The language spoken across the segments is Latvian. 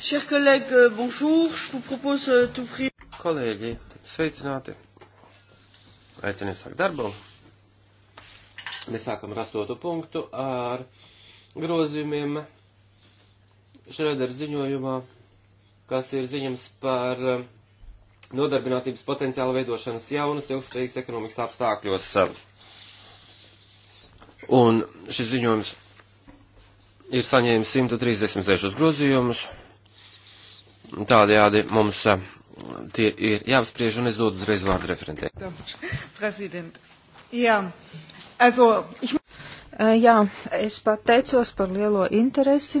Chers collègues, euh, bonjour. Je vous propose euh, d'ouvrir. Kolēģi, sveicināti. Aicinu sākt darbu. Mēs sākam ar astoto punktu ar grozījumiem Šreder ziņojumā, kas ir ziņams par um, nodarbinātības potenciāla veidošanas jaunas ilgspējīgas ekonomikas apstākļos. Un šis ziņojums ir saņēmis 136 grozījumus. Tādējādi mums eh, tie ir jāapspriež, un es dodu uzreiz vārdu referentē. Jā. Also, ich... Eh, jā, es pateicos par lielo interesi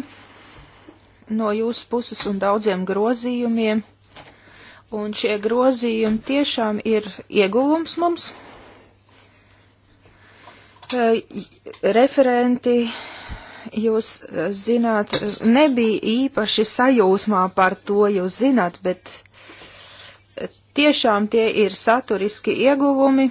no jūsu puses un daudziem grozījumiem. Un šie grozījumi tiešām ir ieguvums mums. Eh, referenti jūs eh, zināt, nebija īpaši sajūsmā par to, jūs zināt, bet eh, tiešām tie ir saturiski ieguvumi.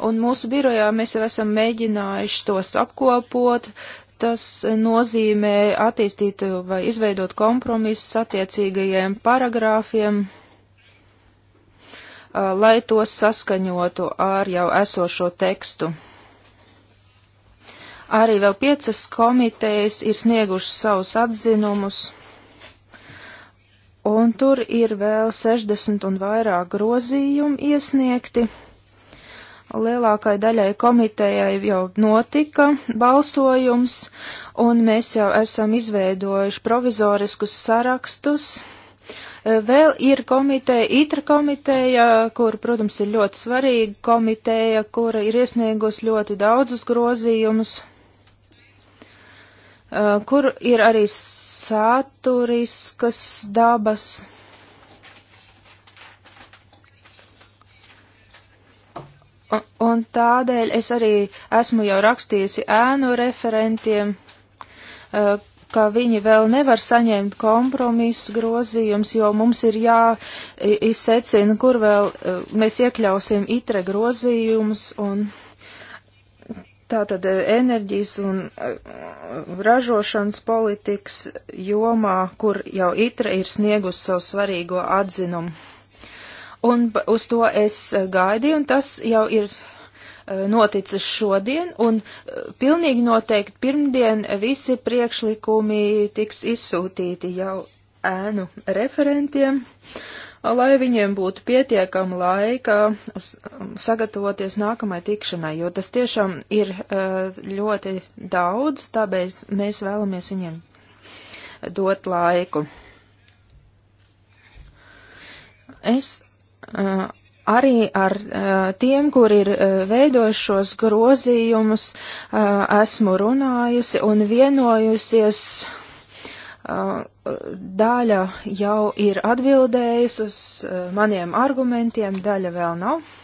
Un mūsu birojā mēs jau esam mēģinājuši tos apkopot. Tas nozīmē attīstīt vai izveidot kompromisus attiecīgajiem paragrāfiem eh, lai tos saskaņotu ar jau esošo tekstu. Arī vēl piecas komitejas ir sniegušas savus atzinumus, un tur ir vēl 60 un vairāk grozījumu iesniegti. Lielākai daļai komitejai jau notika balsojums, un mēs jau esam izveidojuši provizoriskus sarakstus, Vēl ir komiteja, itra komiteja, kur, protams, ir ļoti svarīga komiteja, kura ir iesniegus ļoti daudzus grozījumus. Eh, kur ir arī saturiskas dabas. Un tādēļ es arī esmu jau rakstījusi ēnu referentiem, eh, ka viņi vēl nevar saņemt kompromisu grozījums, jo mums ir jāizsecina, kur vēl eh, mēs iekļausim itre grozījumus un Tātad e, enerģijas un e, ražošanas politikas jomā, kur jau itra ir sniegusi savu svarīgo atzinumu. Un uz to es e, gaidīju, un tas jau ir noticis šodien, un pilnīgi noteikti pirmdien visi priekšlikumi tiks izsūtīti jau ēnu referentiem. Uh, lai viņiem būtu pietiekama laika uz, um, sagatavoties nākamai tikšanai, jo tas tiešām ir uh, ļoti daudz, tāpēc mēs vēlamies viņiem dot laiku. Es uh, arī ar uh, tiem, kur ir veidojuši šos grozījumus, esmu runājusi un vienojusies Uh, daļa jau ir atbildējusi uz uh, maniem argumentiem, daļa vēl nav.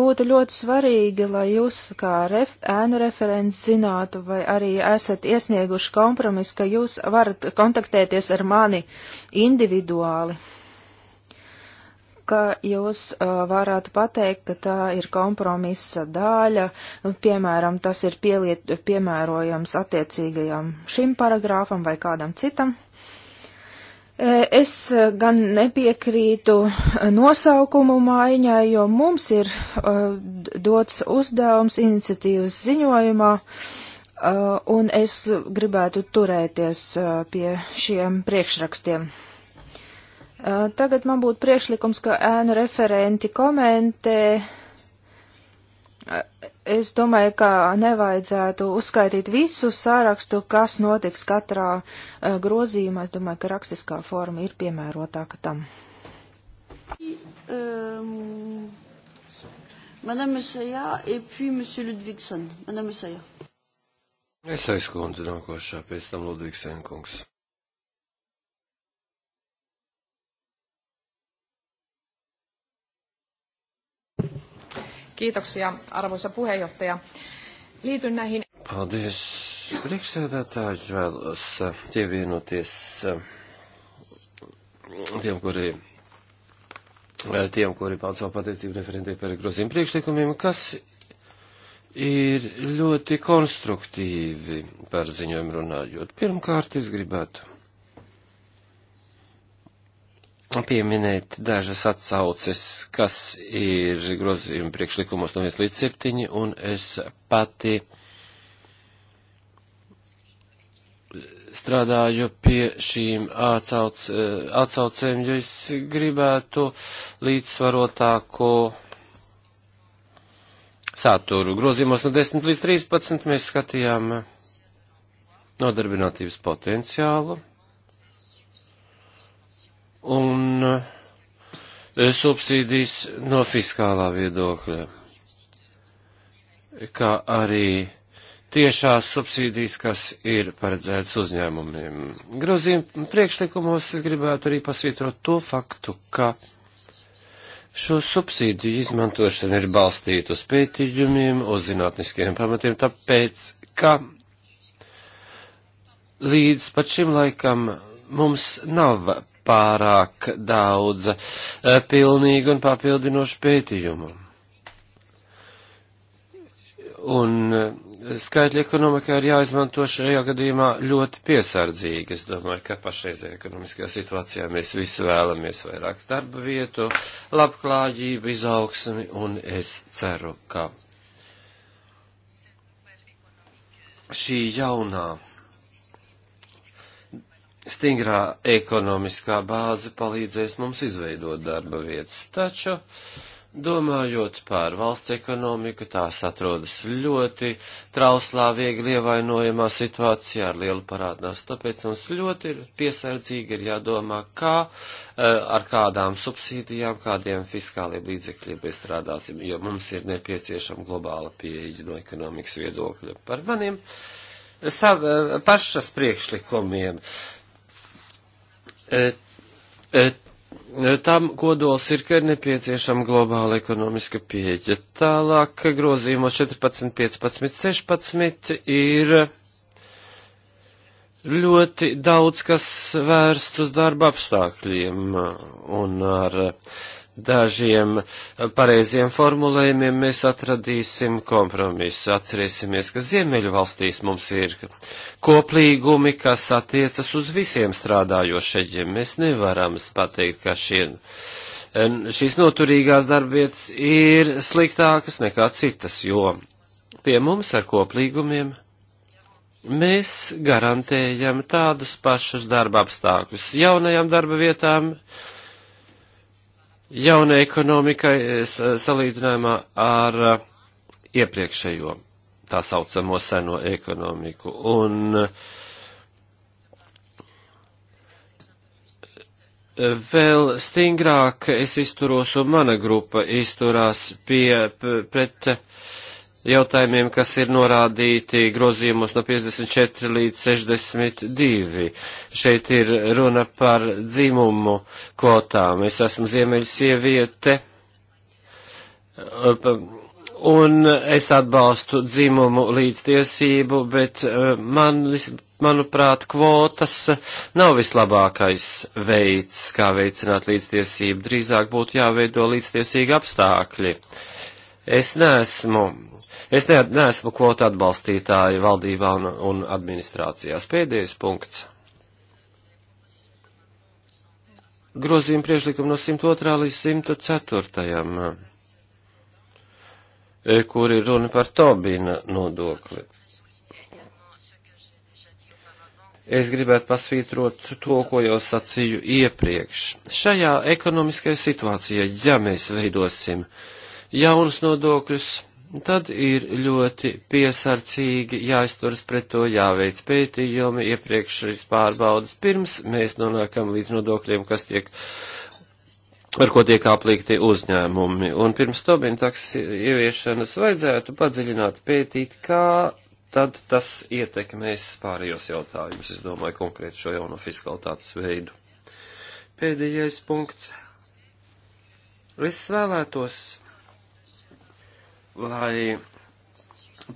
Būtu ļoti svarīgi, lai jūs kā ref, ēnu referents zinātu, vai arī esat iesnieguši kompromisu, ka jūs varat kontaktēties ar mani individuāli ka jūs uh, varētu pateikt, ka tā ir kompromisa daļa, nu, piemēram, tas ir pieliet, piemērojams attiecīgajam šim paragrāfam vai kādam citam. Es gan nepiekrītu nosaukumu maiņai, jo mums ir uh, dots uzdevums iniciatīvas ziņojumā, uh, un es gribētu turēties uh, pie šiem priekšrakstiem. Tagad man būtu priekšlikums, ka ēnu referenti komentē. Es domāju, ka nevajadzētu uzskaitīt visu sārakstu, kas notiks katrā grozījumā. Es domāju, ka rakstiskā forma ir piemērotāka tam. Um, Madame Sayā, et puis Monsieur Ludvigson. Madame Sayā. Es aizkundzu nākošā, pēc tam Ludvigsen kungs. Kiitoksia, arvoisa puheenjohtaja. Liityn näihin... Paldies. Priekšsēdētāji vēlos pievienoties tiem, kuri tiem, kuri pauda savu pateicību referentē par grozījumu priekšlikumiem, kas ir ļoti konstruktīvi par ziņojumu runājot. Pirmkārt, es gribētu pieminēt dažas atsauces, kas ir grozījuma priekšlikumos no 1 līdz 7, un es pati strādāju pie šīm atsauc, atsaucēm, jo es gribētu līdzsvarotāko saturu. Grozījumos no 10 līdz 13 mēs skatījām nodarbinātības potenciālu un e, subsīdijas no fiskālā viedokļa, kā arī tiešās subsīdijas, kas ir paredzētas uzņēmumiem. Grozījuma priekšlikumos es gribētu arī pasvītrot to faktu, ka šo subsīdiju izmantošana ir balstīta uz pētījumiem, uz zinātniskiem pamatiem, tāpēc, ka līdz pat šim laikam mums nav pārāk daudz e, pilnīgu un papildinošu pētījumu. Un e, skaitļa ekonomikā ir jāizmanto šajā gadījumā ļoti piesardzīgi. Es domāju, ka pašreizajā ekonomiskajā situācijā mēs visi vēlamies vairāk darba vietu, labklājību, izaugsmi, un es ceru, ka šī jaunā stingrā ekonomiskā bāze palīdzēs mums izveidot darba vietas. Taču, domājot par valsts ekonomiku, tās atrodas ļoti trauslā, viegli ievainojamā situācijā ar lielu parādnās. Tāpēc mums ļoti piesardzīgi ir jādomā, kā eh, ar kādām subsīdijām, kādiem fiskāliem līdzekļiem mēs strādāsim, jo mums ir nepieciešama globāla pieeja no ekonomikas viedokļa par maniem. Sav, pašas priekšlikumiem. Uh, Tam kodols ir, ka ir nepieciešama globāla ekonomiska pieeja. Tālāk grozījumos 14, 15, 16 ir ļoti daudz, kas vērsts uz darba apstākļiem un ar uh, dažiem pareiziem formulējumiem mēs atradīsim kompromisu. Atcerēsimies, ka Ziemeļu valstīs mums ir koplīgumi, kas attiecas uz visiem strādājošajiem. Mēs nevaram pateikt, ka šie, šīs noturīgās darbvietas ir sliktākas nekā citas, jo pie mums ar koplīgumiem mēs garantējam tādus pašus darba apstākļus jaunajām darba vietām, jaunai ekonomikai e, e, salīdzinājumā ar e, iepriekšējo tā saucamo seno ekonomiku. Un vēl stingrāk es izturos un mana grupa izturās pie, pret. Pie, jautājumiem, kas ir norādīti grozījumos no 54 līdz 62. Šeit ir runa par dzimumu kvotām. Es esmu ziemeļa sieviete, un es atbalstu dzimumu līdztiesību, bet eh, man, manuprāt, kvotas nav vislabākais veids, kā veicināt līdztiesību. Drīzāk būtu jāveido līdztiesīgi apstākļi. Es neesmu Es ne, neesmu kvotu atbalstītāji valdībā un, un administrācijās. Pēdējais punkts. Grozījuma priekšlikumu no 102. līdz 104. E, kur ir runa par Tobina nodokli. Es gribētu pasvītrot to, ko jau sacīju iepriekš. Šajā ekonomiskajā situācijā, ja mēs veidosim jaunus nodokļus, tad ir ļoti piesardzīgi jāizturas pret to, jāveic pētījumi, iepriekšējas pārbaudas, pirms mēs nonākam līdz nodokļiem, kas tiek, ar ko tiek aplīgti uzņēmumi. Un pirms Tobintaksas ieviešanas vajadzētu padziļināt pētīt, kā tad tas ietekmēs pārējos jautājumus, es domāju, konkrēti šo jauno fiskalitātes veidu. Pēdējais punkts. Es vēlētos lai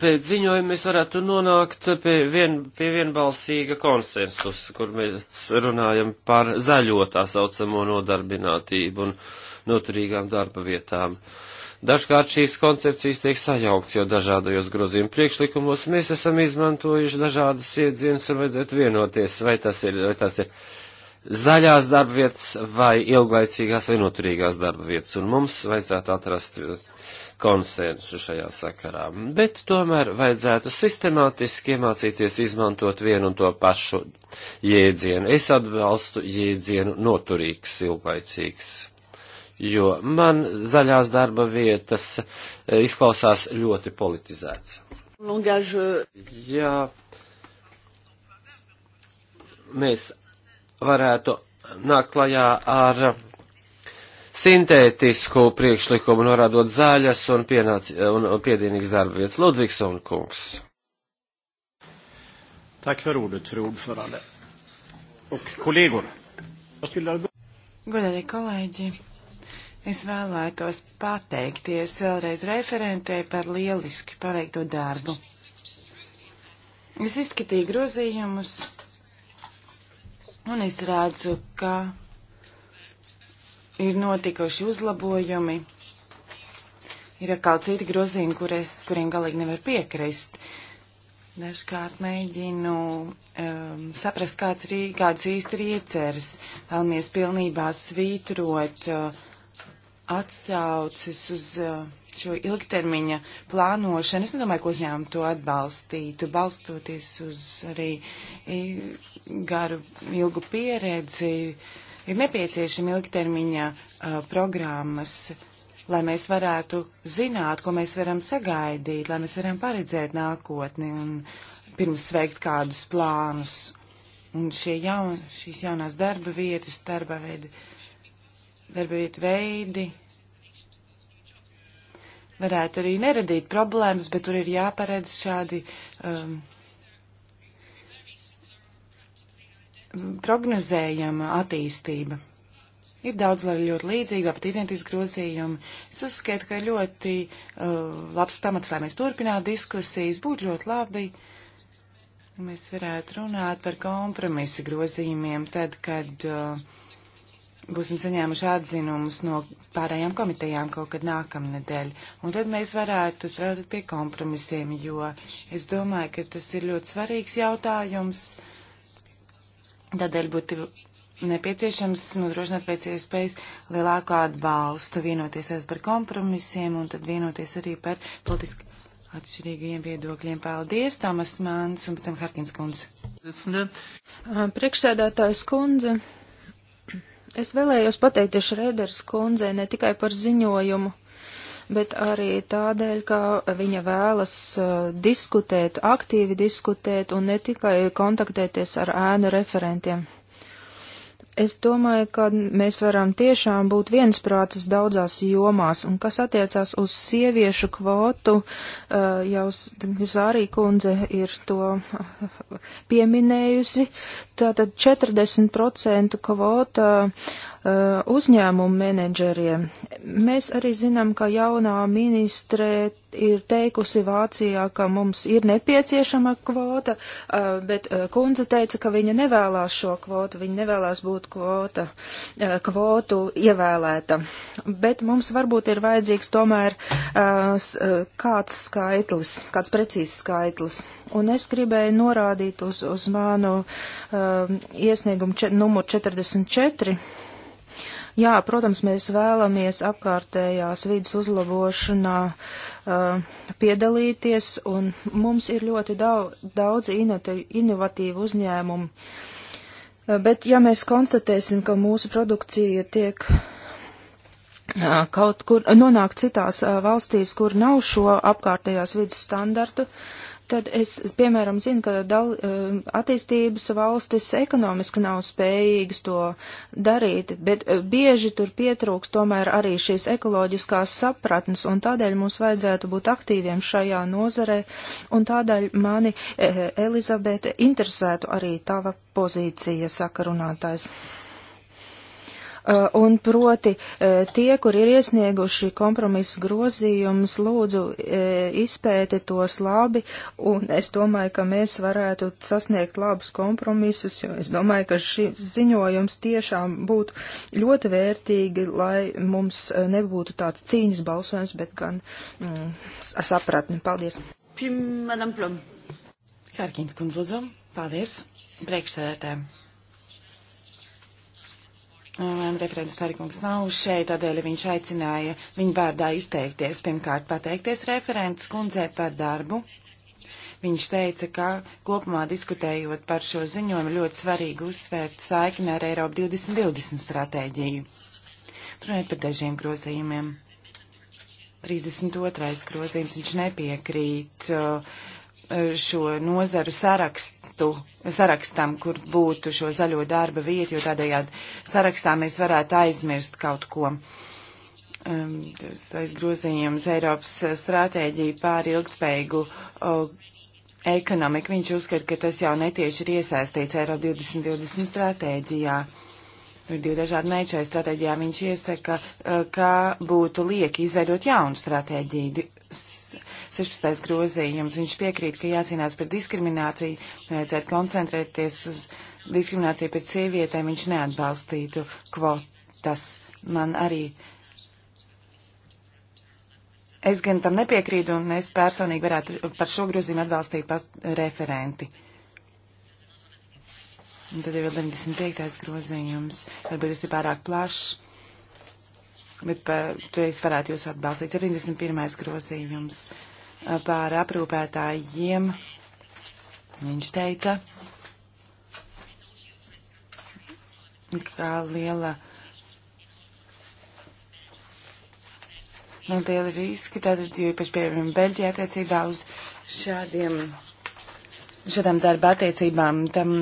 pēc ziņojuma mēs varētu nonākt pie, vien, pie vienbalsīga konsensus, kur mēs runājam par zaļo tā saucamo nodarbinātību un noturīgām darba vietām. Dažkārt šīs koncepcijas tiek sajaukts, jo dažādajos grozījuma priekšlikumos mēs esam izmantojuši dažādus iedzienus un vajadzētu vienoties, vai tas ir, vai tas ir zaļās darba vietas vai ilglaicīgās vai noturīgās darba vietas, un mums vajadzētu atrast konsensu šajā sakarā, bet tomēr vajadzētu sistemātiski iemācīties izmantot vienu un to pašu jēdzienu. Es atbalstu jēdzienu noturīgs, ilglaicīgs, jo man zaļās darba vietas e, izklausās ļoti politizēts. Langāžu. Jā, mēs varētu nākt klajā ar sintētisku priekšlikumu, norādot zāļas un, pienāc, un, un piedienīgas darba vietas. Ludvigs un kungs. Tak för ordet, fru ordförande. Och kollegor. Godātie kolēģi, es vēlētos pateikties vēlreiz referentē par lieliski paveikto darbu. Es izskatīju grozījumus, un es redzu, ka ir notikuši uzlabojumi. Ir atkal citi grozījumi, kuries, kuriem galīgi nevar piekrist. Dažkārt mēģinu um, saprast, kāds ir, kāds īsti ir ieceres. Vēlamies pilnībā svītrot uh, atsaucis uz uh, šo ilgtermiņa plānošanu. Es nedomāju, ka uzņēmumi to atbalstītu, balstoties uz arī garu ilgu pieredzi. Uh, Ir nepieciešama ilgtermiņa uh, programmas, lai mēs varētu zināt, ko mēs varam sagaidīt, lai mēs varam paredzēt nākotni un pirms veikt kādus plānus. Un šie jaun, šīs jaunās darba vietas, darba veidi, darba vietu veidi varētu arī neradīt problēmas, bet tur ir jāparedz šādi um, prognozējama attīstība. Ir daudz ļoti līdzīga, pat identiski grozījumi. Es uzskatu, ka ļoti uh, labs pamats, lai mēs turpinātu diskusijas, būtu ļoti labi, ja mēs varētu runāt par kompromisa grozījumiem tad, kad uh, būsim saņēmuši atzinumus no pārējām komitejām kaut kad nākamnedēļ. Un tad mēs varētu strādāt pie kompromisiem, jo es domāju, ka tas ir ļoti svarīgs jautājums. Uh, Tādēļ būtu nepieciešams nodrošināt pēc iespējas lielāku atbalstu, vienoties par kompromisiem un tad vienoties arī par politiski atšķirīgajiem viedokļiem. Paldies, Tomas Mans un pēc tam Harkins kundze. Priekšsēdētājs kundze, es vēlējos pateikties Šreiders kundzei ne tikai par ziņojumu, bet arī tādēļ, ka viņa vēlas uh, diskutēt, aktīvi diskutēt un ne tikai kontaktēties ar ēnu referentiem. Es domāju, ka mēs varam tiešām būt viensprātis daudzās jomās, un kas attiecās uz sieviešu kvotu, uh, jau Zārī kundze ir to uh, pieminējusi, tātad 40% kvota Uh, uzņēmumu menedžeriem. Mēs arī zinām, ka jaunā ministre ir teikusi Vācijā, ka mums ir nepieciešama kvota, uh, bet uh, kundze teica, ka viņa nevēlās šo kvotu, viņa nevēlās būt kvota, kvotu ievēlēta. Bet mums varbūt ir vajadzīgs tomēr kāds skaitlis, kāds precīzs skaitlis. Un es gribēju norādīt uz, uz manu iesniegumu numuru 44 Jā, protams, mēs vēlamies apkārtējās vidas uzlabošanā uh, piedalīties, un mums ir ļoti daudz, daudz inovatīvu uzņēmumu. Uh, bet ja mēs konstatēsim, ka mūsu produkcija tiek uh, kaut kur nonāk citās valstīs, kur nav šo apkārtējās vidas standartu, uh, tad es, piemēram, zinu, ka daudz, um, attīstības valstis ekonomiski nav spējīgas to darīt, bet uh, bieži tur pietrūks tomēr arī šīs ekoloģiskās sapratnes, un tādēļ mums vajadzētu būt aktīviem šajā nozarē, un tādēļ mani, eh, Elizabete, interesētu arī tava pozīcija, saka runātājs. Uh, un proti uh, tie, kur ir iesnieguši kompromisu grozījumus, lūdzu uh, izpēti tos labi, un es domāju, ka mēs varētu sasniegt labus kompromisus, jo es domāju, ka šis ziņojums tiešām būtu ļoti vērtīgi, lai mums nebūtu tāds cīņas balsojums, bet gan mm, sapratni. Paldies! Pim, Madam Plum. Kārkīns kundz, lūdzu. Paldies. Priekšsēdētājiem. Man referents Tarikungs nav šeit, tādēļ viņš aicināja viņu vārdā izteikties. Pirmkārt, pateikties referents kundzei par darbu. Viņš teica, ka kopumā diskutējot par šo ziņojumu ļoti svarīgi uzsvērt saikni ar Eiropu 2020 stratēģiju. Runājot par dažiem grozījumiem. 32. grozījums viņš nepiekrīt uh, šo nozaru sarakstu vietu sarakstam, kur būtu šo zaļo darba vietu, jo tādējādi sarakstā mēs varētu aizmirst kaut ko. Um, tas grozījums Eiropas stratēģija pār ilgtspējīgu uh, ekonomiku. Viņš uzskata, ka tas jau netieši ir iesaistīts Eiropa 2020 stratēģijā. Ir divi dažādi mērķi šajā stratēģijā. Viņš iesaka, ka būtu lieki izveidot jaunu stratēģiju 16. grozījums. Viņš piekrīt, ka jācīnās par diskrimināciju, vajadzētu koncentrēties uz diskrimināciju pret sievietēm, viņš neatbalstītu kvotas. Man arī. Es gan tam nepiekrītu, un es personīgi varētu par šo grozījumu atbalstīt pat referenti. Un tad ir vēl 95. grozījums. Varbūt tas ir pārāk plašs, bet par to es varētu jūs atbalstīt. 71. grozījums par aprūpētājiem. Viņš teica, kā liela. Nu, liela riska, tātad, jo īpaši, piemēram, Beļģijā attiecībā uz šādiem šādām darba attiecībām tam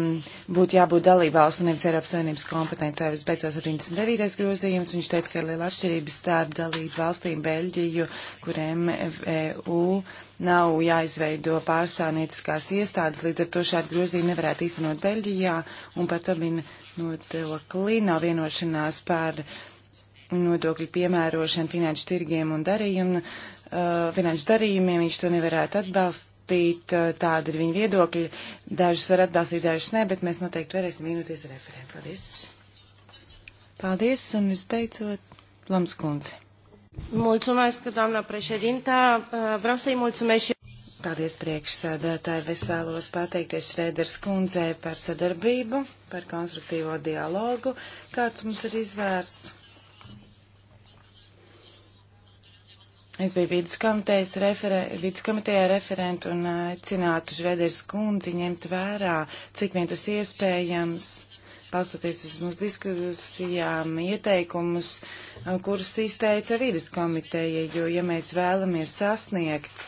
būtu jābūt dalībvalstu nevis Eiropas Savienības kompetencē. Visbeidzot, 79. grozījums, viņš teica, ka ir liela atšķirība starp dalību valstīm Beļģiju, kuriem EU nav jāizveido pārstāvnieciskās iestādes, līdz ar to šādu grozījumu nevarētu īstenot Beļģijā, un par to bija nodokli, nav vienošanās par nodokļu piemērošanu finanšu tirgiem un darījumu, uh, finanšu darījumiem, viņš to nevarētu atbalst, atbalstīt, eh, tādi ir viņa viedokļi. Dažas var atbalstīt, dažas nē, bet mēs noteikti varēsim vienoties ar referēm. Paldies! Paldies un visbeidzot Lams Kunze. Mulțumesc, doamna președintă. Vreau să-i mulțumesc și... Paldies priekšsēdētāji. Es vēlos pateikties Šrēders kundzei par sadarbību, par konstruktīvo dialogu, kāds mums ir izvērsts. Es biju viduskomitejas referen viduskomitejā referenta un aicinātu Žreders kundzi ņemt vērā, cik vien tas iespējams, balstoties uz mūsu diskusijām, ieteikumus, kurus izteica viduskomiteja, jo, ja mēs vēlamies sasniegt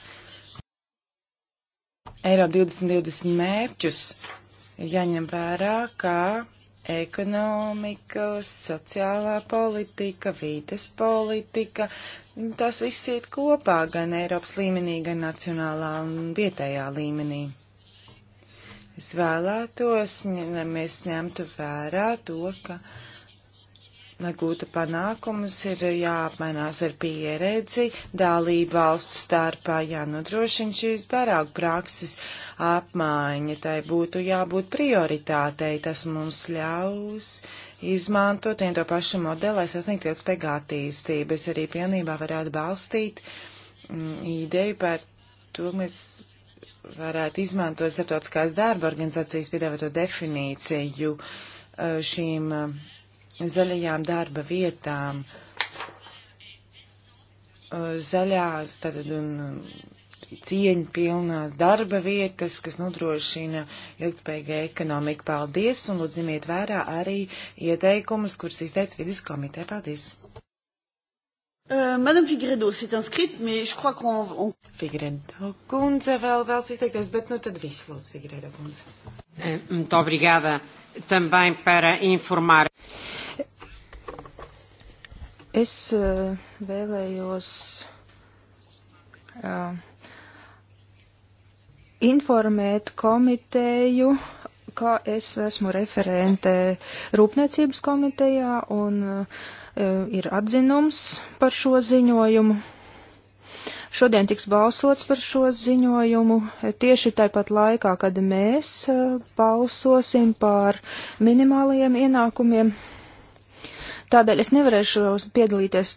Eiropa 2020 mērķus, jaņem vērā, ka ekonomika, sociālā politika, vīdes politika. Tas viss iet kopā gan Eiropas līmenī, gan nacionālā un vietējā līmenī. Es vēlētos, lai mēs ņemtu vērā to, ka. Uh, Lai gūtu panākumus, ir jāapmainās ar pieredzi, dalību valstu starpā jānodrošina šīs parāgu prakses apmaiņa. Tai būtu jābūt prioritātei, tas mums ļaus izmantot vien to pašu modeli, lai sasniegtu ilgspējīgu attīstību. Es arī pilnībā varētu balstīt mm, ideju par to, mēs varētu izmantot starptautiskās darba organizācijas piedāvāto definīciju eh, šīm zaļajām darba vietām, zaļās tad, un cieņpilnās darba vietas, kas nodrošina ilgspējīgu ekonomiku. Paldies, un lūdzu ņemiet vērā arī ieteikumus, kurus izteica vidas komiteja. Paldies! Uh, Madame Figredo s'est inscrite, mais je crois qu'on... On... Figredo kundze vēl vēlas izteikties, bet nu tad viss lūdzu, Figredo kundze. Eh, muito obrigada também para informar. Es eh, vēlējos uh, informēt komiteju, ka es esmu referente Rūpniecības komitejā un uh, ir atzinums par šo ziņojumu. Šodien tiks balsots par šo ziņojumu tieši tāpat laikā, kad mēs balsosim par minimālajiem ienākumiem Tādēļ es nevarēšu piedalīties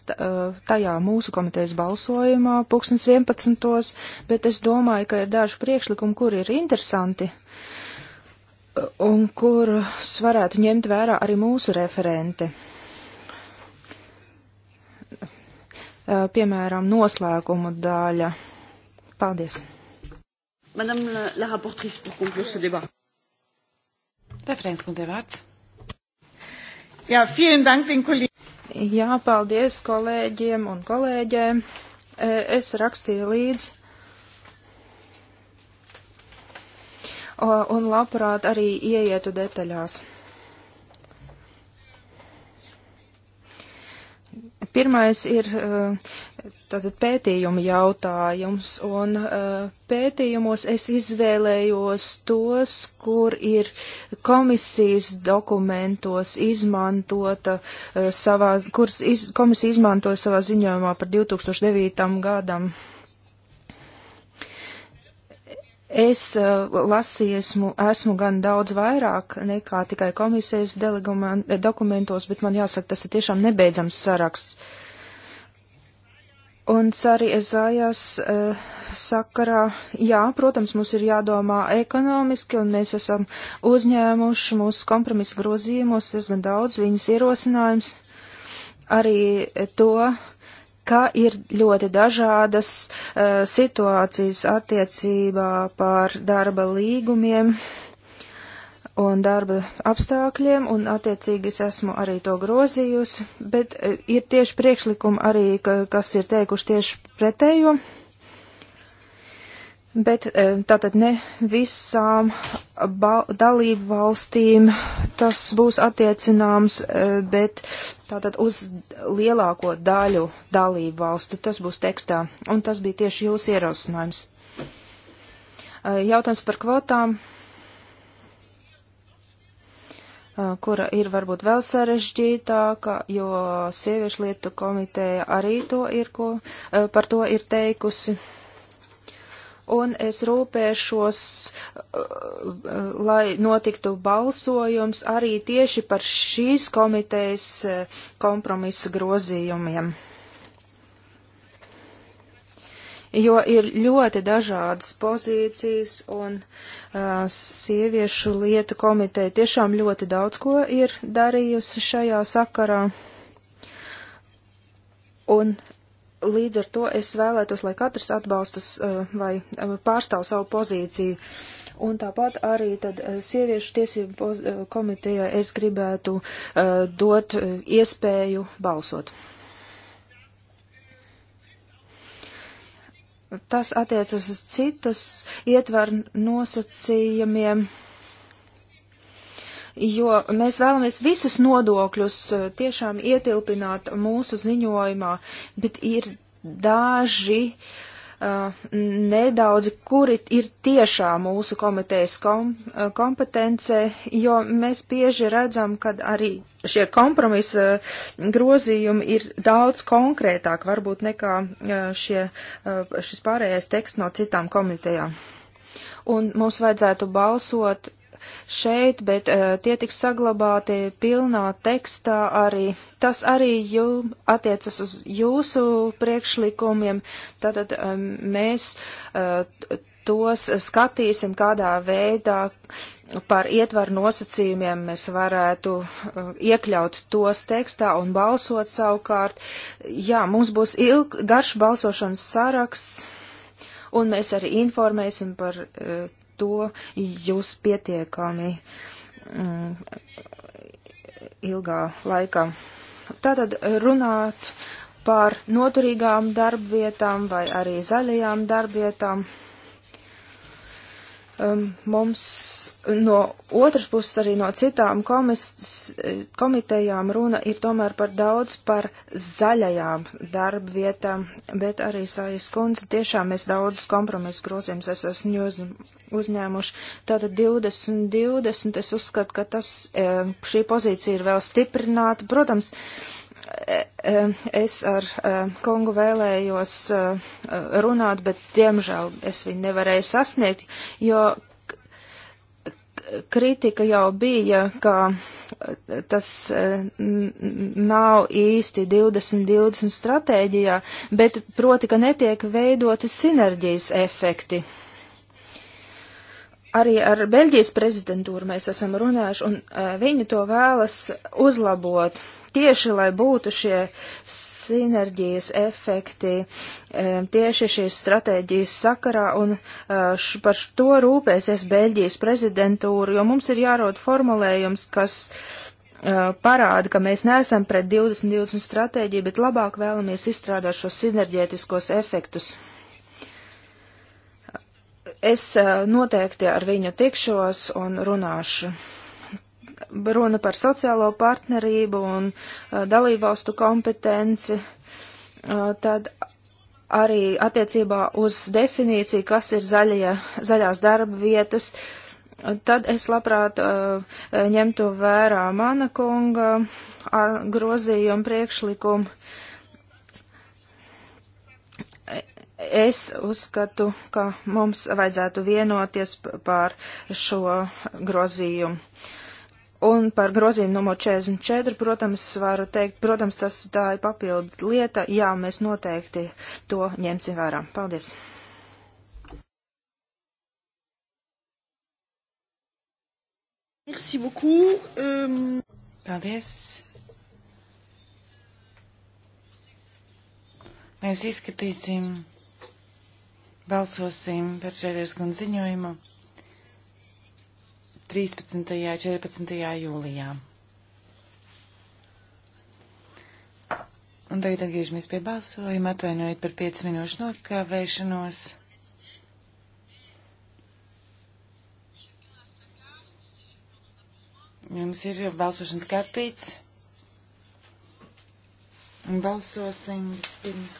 tajā mūsu komitejas balsojumā, 2011. bet es domāju, ka ir daži priekšlikumi, kur ir interesanti un kurus varētu ņemt vērā arī mūsu referenti. Piemēram, noslēgumu daļa. Paldies. Madame la, la rapportrice pour conclure ce débat. Referents kundze vārds. Jā, vielen dank, den kolēģi. Jā, paldies kolēģiem un kolēģēm. E, es rakstīju līdzi. Un labprāt arī ieietu detaļās. Pirmais ir eh, tātad pētījuma jautājums, un eh, pētījumos es izvēlējos tos, kur ir komisijas dokumentos izmantota eh, savā, kuras iz, komisija izmantoja savā ziņojumā par 2009. gadam Es uh, lasiesmu, esmu gan daudz vairāk nekā tikai komisijas eh, dokumentos, bet man jāsaka, tas ir tiešām nebeidzams saraksts. Un arī ezājās uh, eh, sakarā, jā, protams, mums ir jādomā ekonomiski, un mēs esam uzņēmuši mūsu kompromisu grozījumos diezgan daudz viņas ierosinājums. Arī to, uh, ka ir ļoti dažādas uh, situācijas attiecībā par darba līgumiem un darba apstākļiem, un attiecīgi es esmu arī to grozījusi, bet uh, ir tieši priekšlikumi arī, ka, kas ir teikuši tieši pretējo. Uh, Bet e, tātad ne visām dalību valstīm tas būs attiecināms, e, bet tātad uz lielāko daļu dalību valstu tas būs tekstā. Un tas bija tieši jūsu ierosinājums. E, jautājums par kvotām, kura ir varbūt vēl sarežģītāka, jo sieviešu lietu komiteja arī to ir, ko, par to ir teikusi un es rūpēšos, uh, lai notiktu balsojums arī tieši par šīs komitejas uh, kompromisa grozījumiem. Jo ir ļoti dažādas pozīcijas, un uh, sieviešu lietu komiteja tiešām ļoti daudz ko ir darījusi šajā sakarā. Un Līdz ar to es vēlētos, lai katrs atbalstas eh, vai eh, pārstāv savu pozīciju. Un tāpat arī tad eh, sieviešu tiesību komiteja es gribētu dot iespēju balsot. Tas attiecas uz citas ietver nosacījumiem jo mēs vēlamies visus nodokļus eh, tiešām ietilpināt mūsu ziņojumā, bet ir daži. Uh, nedaudzi, kuri ir tiešā mūsu komitejas kom, eh, kompetencē, jo mēs bieži redzam, ka arī šie kompromisa grozījumi ir daudz konkrētāk, varbūt nekā šie, šis pārējais teksts no citām komitejām. Un mums vajadzētu balsot šeit, bet uh, tie tiks saglabāti pilnā tekstā arī. Tas arī jū, attiecas uz jūsu priekšlikumiem, tātad um, mēs uh, tos skatīsim, kādā veidā par ietvaru nosacījumiem mēs varētu eh, iekļaut tos tekstā un balsot savukārt. Jā, mums būs ilg, garš balsošanas saraksts, un mēs arī informēsim par to jūs pietiekami mm, ilgā laikā. Tātad runāt par noturīgām darbvietām vai arī zaļajām darbvietām um, mums no otras puses arī no citām komis, komitejām runa ir tomēr par daudz par zaļajām darbvietām, bet arī Sājas kundze tiešām mēs daudzus kompromisu grozījumus es esmu uz, uzņēmuši. Tātad 20, 20, es uzskatu, ka tas, eh, šī pozīcija ir vēl stiprināta. Protams, uh, es ar eh, kungu vēlējos eh, runāt, bet diemžēl es viņu nevarēju sasniegt, jo kritika jau bija, ka eh, tas nav īsti 2020 stratēģijā, bet proti, ka netiek veidoti sinerģijas efekti. Arī ar Beļģijas prezidentūru mēs esam runājuši, un viņi to vēlas uzlabot tieši, lai būtu šie sinerģijas efekti, e, tieši šīs stratēģijas sakarā, un e, š, par to rūpēsies Beļģijas prezidentūra, jo mums ir jārod formulējums, kas e, parāda, ka mēs neesam pret 2020 stratēģiju, bet labāk vēlamies izstrādāt šos sinerģētiskos efektus. Es noteikti ar viņu tikšos un runāšu runa par sociālo partnerību un uh, dalībvalstu kompetenci, uh, tad arī attiecībā uz definīciju, kas ir zaļie, zaļās darba vietas, tad es labprāt uh, ņemtu vērā mana kunga grozījumu priekšlikumu. Es uzskatu, ka mums vajadzētu vienoties pār šo grozījumu. Uh, Un par grozījumu numur 44, protams, varu teikt, protams, tas tā ir papildu lieta. Jā, mēs noteikti to ņemsim vērā. Paldies! Merci beaucoup. Um... Paldies. Mēs izskatīsim, balsosim par šeries un ziņojumu. 13. un 14. jūlijā. Un tagad atgriežamies pie balsojuma, atvainojiet par 5 minūšu nokavēšanos. Jums ir balsošanas kartīts. Un balsosim vispirms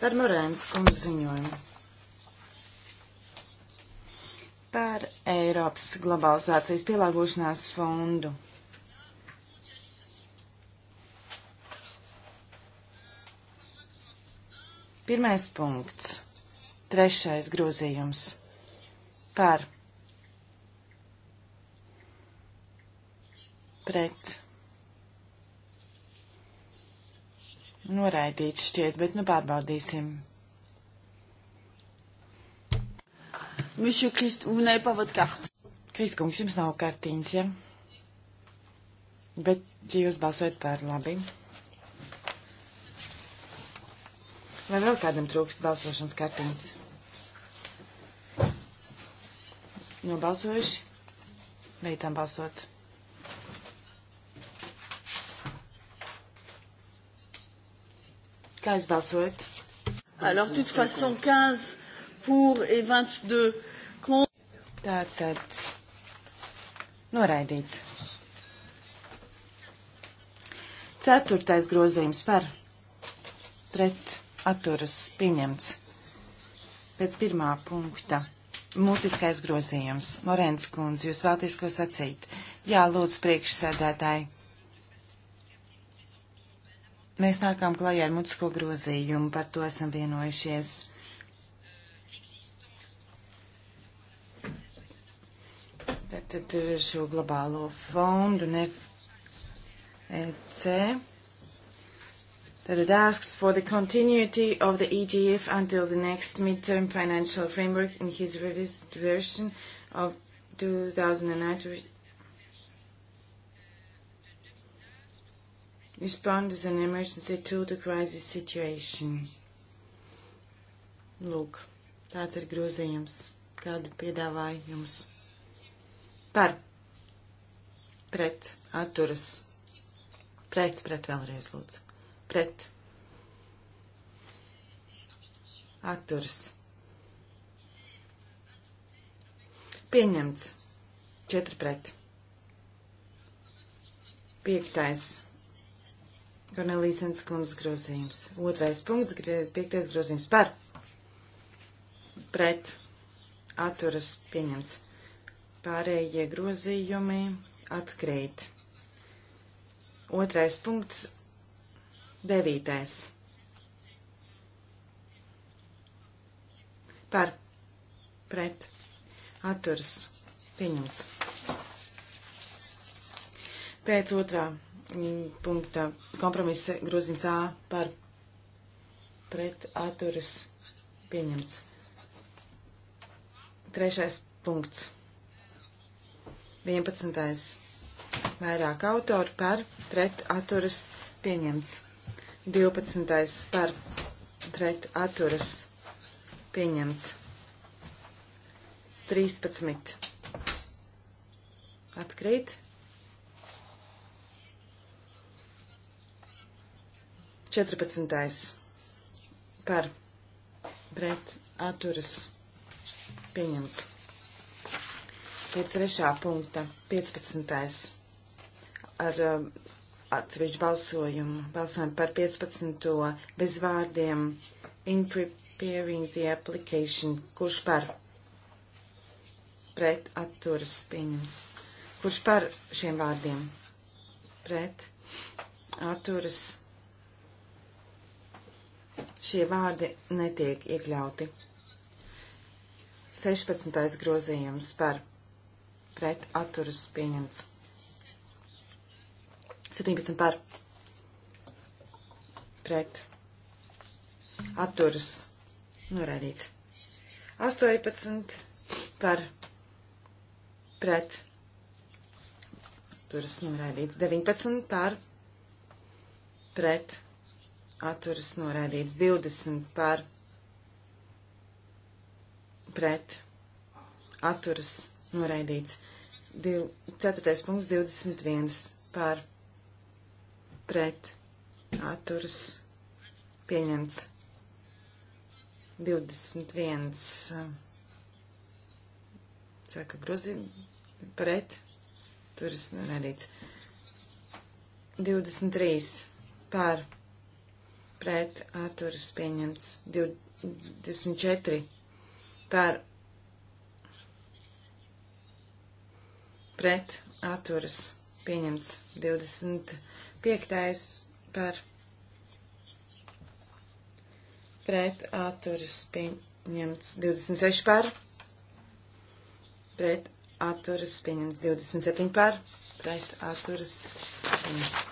par Morēnas kundzes ziņojumu par Eiropas globalizācijas pielāgošanās fondu. Pirmais punkts. Trešais grozījums. Par. Pret. Noraidīts šķiet, bet nu pārbaudīsim. Monsieur Krist, vous n'avez pas votre carte. Kristkungs, jums nav kartiņas, ja? Bet, ja jūs balsojat par labi. Vai vēl kādam trūkst balsošanas kartiņas? Nobalsojuši? Beidzam balsot. Kā jūs balsojat? Alors, toute façon, 15 pour et 22 Tātad noraidīts. Ceturtais grozījums par pret atturas pieņemts. Pēc pirmā punkta mutiskais grozījums. Morēns kundze, jūs vēlties ko sacīt? Jā, lūdzu, priekšsēdētāji. Mēs nākām klajā ar mutisko grozījumu, par to esam vienojušies. Tad eh, šo globālo fondu NFEC. E That asks for the continuity of the EGF until the next midterm financial framework in his revised version of 2009. Respond as an emergency to the crisis situation. Lūk, tāds ir grozījums, kādu piedāvāju jums par pret atturas pret pret vēlreiz lūdzu pret atturas pieņemts 4 pret 5. Kornelīsens kundzes grozījums. Otrais punkts, piektais grozījums par pret atturas pieņemts. Pārējie grozījumi atkrīt. Otrais punkts - devītais. Par pret atturs pieņemts. Pēc otrā mm, punkta kompromisa grozījums A par pret atturas pieņemts. Trešais punkts. 11. Vairāk autori par pret atturas pieņemts. 12. par pret atturas pieņemts. 13. Atkrīt. 14. par pret atturas pieņemts pēc trešā punkta, 15. ar um, atsevišķu balsojumu, balsojumu par 15. bez vārdiem in preparing the application, kurš par pret atturas pieņems. Kurš par šiem vārdiem pret atturas šie vārdi netiek iekļauti. 16. grozījums par pret atturas pieņemts. 17 par pret atturas norādīts. 18 par pret atturas norādīts. 19 par pret atturas norādīts. 20 par pret atturas norādīts noraidīts. 4. punkts 21 pār pret atturas pieņemts 21 saka grozi pret turas norādīts 23 pār pret atturas pieņemts 24 pār pret atturas pieņemts 25. par pret atturas pieņemts 26 par pret atturas pieņemts 27 par pret atturas pieņemts.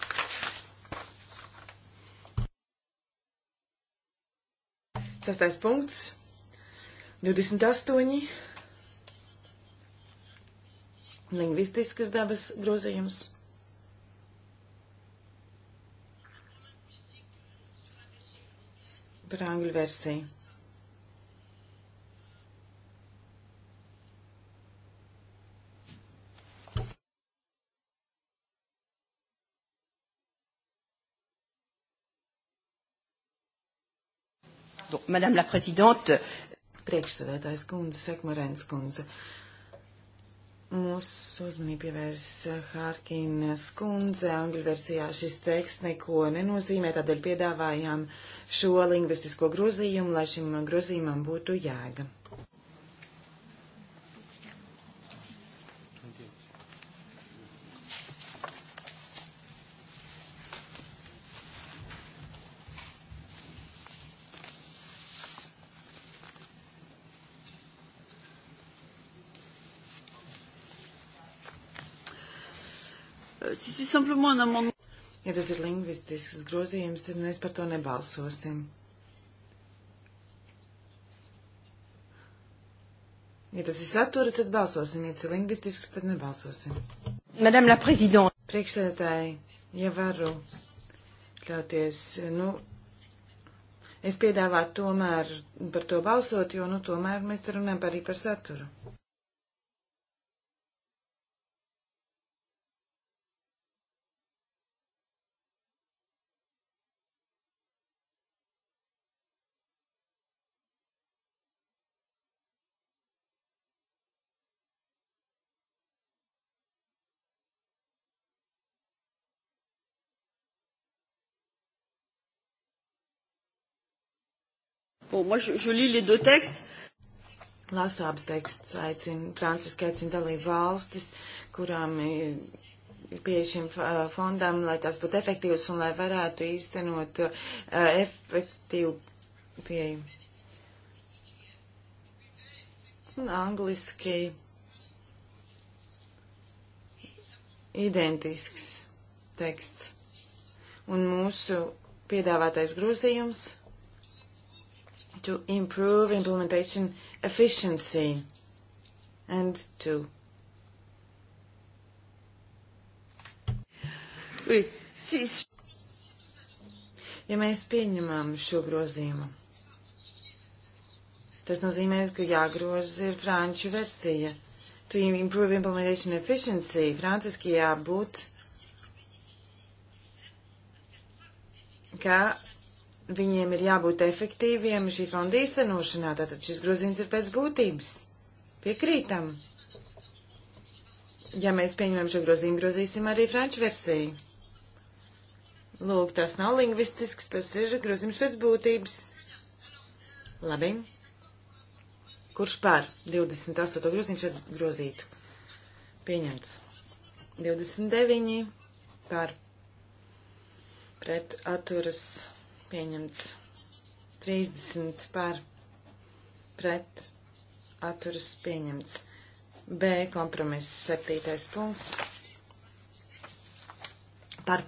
Sastais punkts 28 lingvistiskas dabas grozījums. Par angļu versiju. Madame la Présidente. Priekšsēdētājs kundze, Sekmarēns kundze. Uh, Mūsu uzmanību pievērs eh, Hārkinas kundze. Angļu versijā šis teksts neko nenozīmē, tādēļ piedāvājām šo lingvistisko grozījumu, lai šim grozījumam būtu jēga. simplement un amendement. Ja tas ir lingvistisks grozījums, tad mēs par to nebalsosim. Ja tas ir satura, tad balsosim. Ja tas ir lingvistisks, tad nebalsosim. Madame la Présidente. Priekšsēdētāji, ja varu ļauties, nu, es piedāvātu tomēr par to balsot, jo, nu, tomēr mēs te runājam arī par saturu. Bon, moi, je, je lis les deux textes. Lasu abus tekstus, aicinu, Franciska aicina dalību valstis, kurām ir pie šiem uh, fondam, lai tas būtu efektīvs un lai varētu īstenot uh, efektīvu pieeju. Un angliski identisks teksts. Un mūsu piedāvātais grozījums to improve implementation efficiency and to Ja mēs pieņemam šo grozījumu, tas nozīmē, ka jāgroza ir franču versija. To improve implementation efficiency, franciski jābūt, ka viņiem ir jābūt efektīviem šī fonda īstenošanā, tātad šis grozījums ir pēc būtības. Piekrītam. Ja mēs pieņemam šo grozījumu, grozīsim arī franču versiju. Lūk, tas nav lingvistisks, tas ir grozījums pēc būtības. Labi. Kurš par 28. grozījumu šeit grozītu? Pieņemts. 29 par pret atturas pieņemts 30 par pret atturas pieņemts. B kompromiss 7. punkts par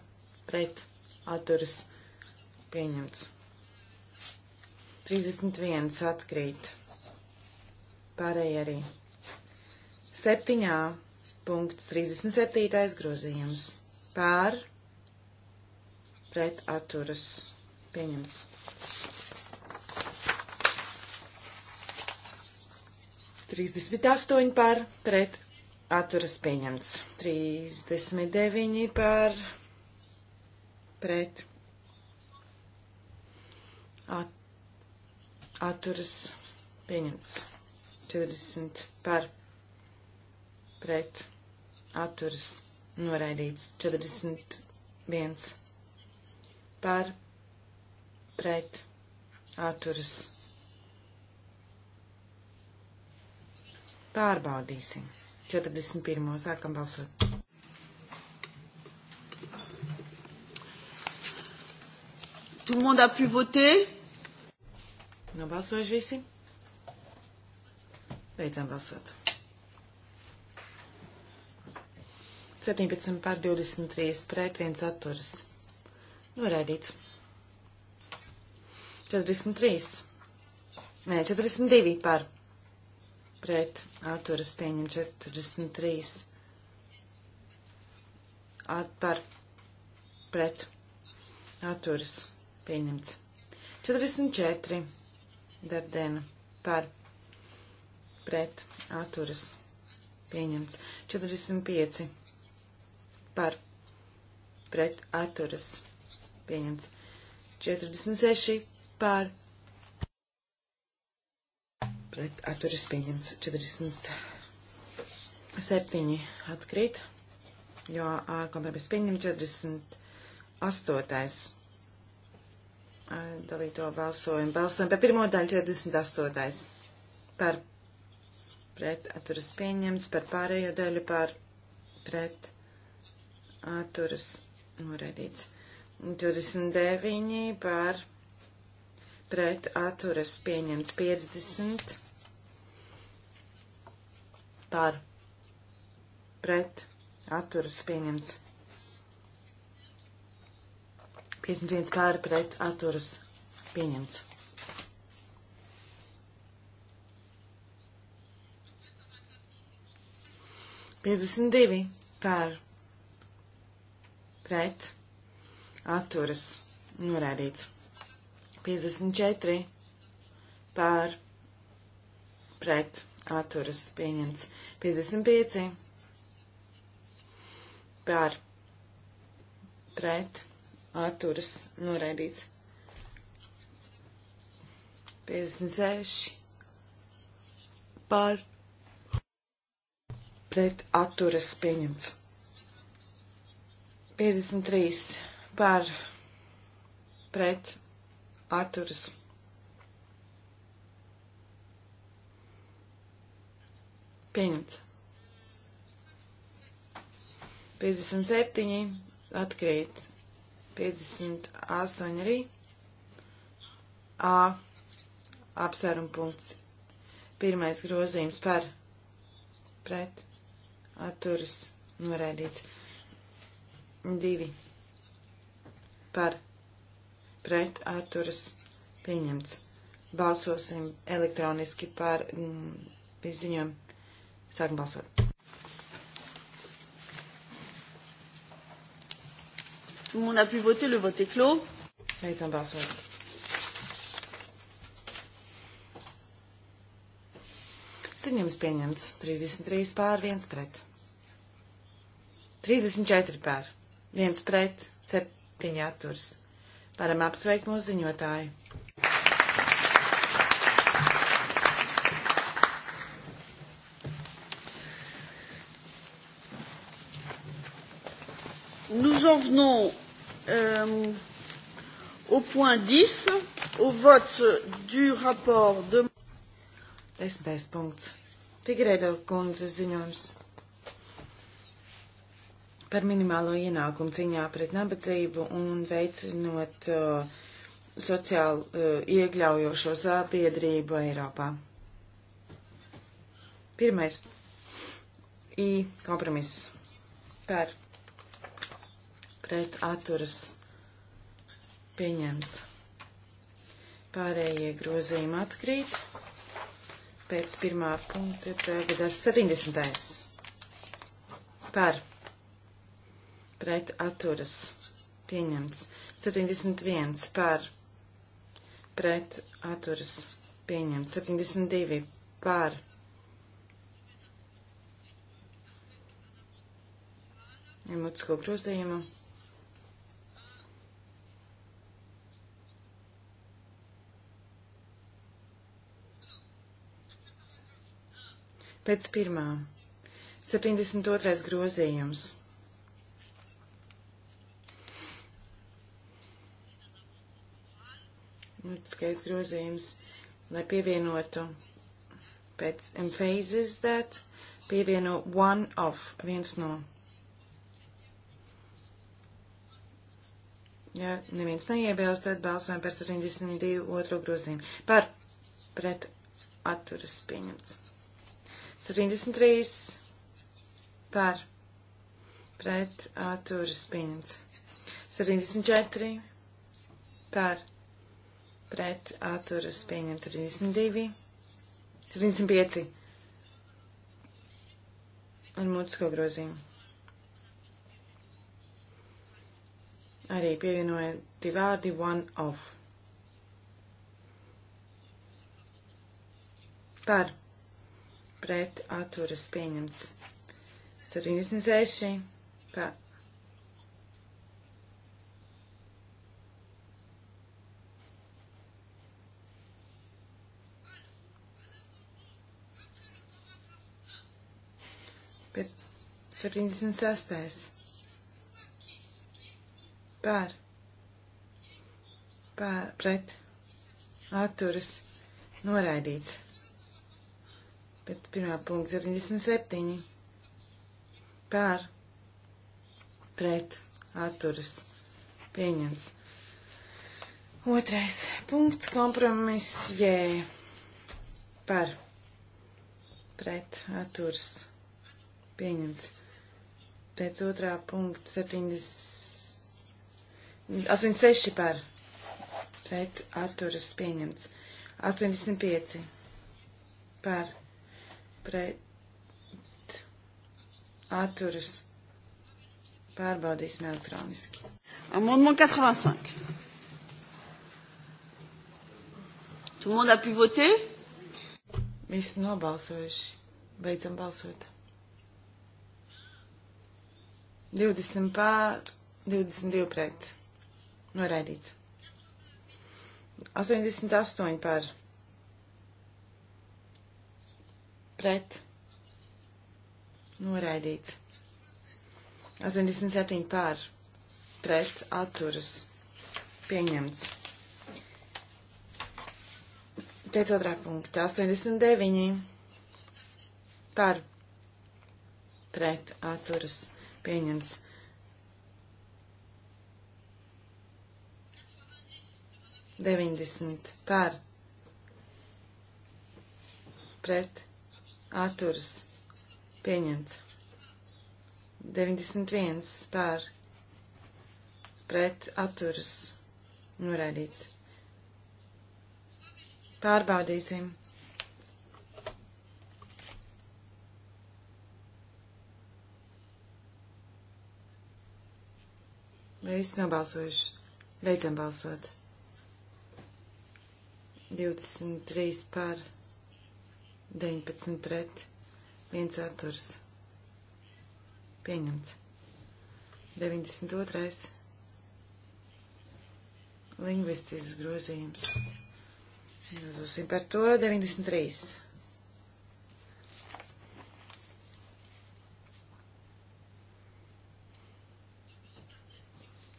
pret atturas pieņemts. 31 atkrīt. Pārējie arī. 7. punkts 37. grozījums. Pār pret atturas pieņemts Pieņemts. 38 par pret atturas pieņemts. 39 par pret at, atturas pieņemts. 40 par pret atturas noraidīts. 41 par pret pret atturas. Pārbaudīsim. 41. sākam balsot. Tout le monde a pu voter? Nobalsojuši visi? Beidzam balsot. 17 pār 23 pret 1 atturas. Noraidīts. 43. Nē, 42 par. Pret atturas pieņem 43. At par. Pret atturas pieņemts. 44. Dardena par. Pret atturas pieņemts. 45. Par. Pret atturas pieņemts. 46 par pret atturas pieņemts 47 atkrīt, jo A kompromiss pieņem 48. Dalīto balsojumu. Balsojumu par pirmo daļu 48. Par pret atturas pieņemts, par pārējo daļu par pret atturas noraidīts. 29 par pret pret atturas pieņemts 50 par pret atturas pieņemts 51 par pret atturas pieņemts. Piecdesmit divi pār pret atturas norādīts. 54 pār pret atturas pieņemts 55 pār pret atturas noraidīts 56 pār pret atturas pieņemts 53 pār pret atturas. Pieņemts. 57 atkrīt. 58 arī. A. Apsvērum punkts. Pirmais grozījums par pret atturas norēdīts. 2 par pret pret atturas pieņemts. Balsosim elektroniski par mm, izziņojumu. Sākam balsot. Tout le monde a pu voter, le vote est clos. Beidzam balsot. Ziņojums pieņemts 33 pār 1 pret. 34 pār 1 pret 7 atturs. Varam apsveikt mūsu ziņotāju. Nous en venons euh, au point 10, au vote du rapport de. Desmitais punkts. Figurēdo kundzes ziņojums par minimālo ienākumu ciņā pret nabadzību un veicinot uh, sociāli uh, iekļaujošo sabiedrību Eiropā. Pirmais - I kompromiss par pret atturas pieņemts. Pārējie grozījumi atkrīt. Pēc pirmā punkta tagad 70. par pret atturas pieņemts. 71 par pret atturas pieņemts. 72 par emocisko grozījumu. Pēc pirmā. 72. grozījums. mutiskais grozījums, lai pievienotu pēc emphasis that, pievieno one of, viens no. Ja neviens neiebilst, tad balsojam par 72 otro grozījumu. Par pret atturas pieņemts. 73 par pret atturas pieņemts. 74 par pret atturas pieņemts 32, 35 un mutisko grozījumu. Arī pievienoja divādi one off. Par pret atturas pieņemts 76, par 76. Pār. Pār. Pret. Atturas. Noraidīts. Bet pirmā punkta 77. Pār. Pret. Atturas. Pieņemts. Otrais punkts kompromiss jē. Par. Pret. Atturas. Pieņemts pēc otrā punkta 70, 86 par pēc atturas pieņemts. 85 par pret atturas pārbaudīsim elektroniski. Amendement 85. Tout le monde a pu voter? Visi nobalsojuši. Beidzam balsot. 20 pār 22 pret. Noraidīts. 88 pār. Pret. Noraidīts. 87 pār. Pret atturas. Pieņemts. Teicu otrā punkta. 89 pār. Pret atturas. Pieņemts pieņemts. Deviņdesmit par pret atturas pieņemts. 91 par pret atturas noraidīts. Pārbaudīsim. 91. Viss nobalsojuši. Beidzam balsot. 23 par, 19 pret, 1 atturs. Pieņemts. 92. Lingvistisks grozījums. Dosim par to 93.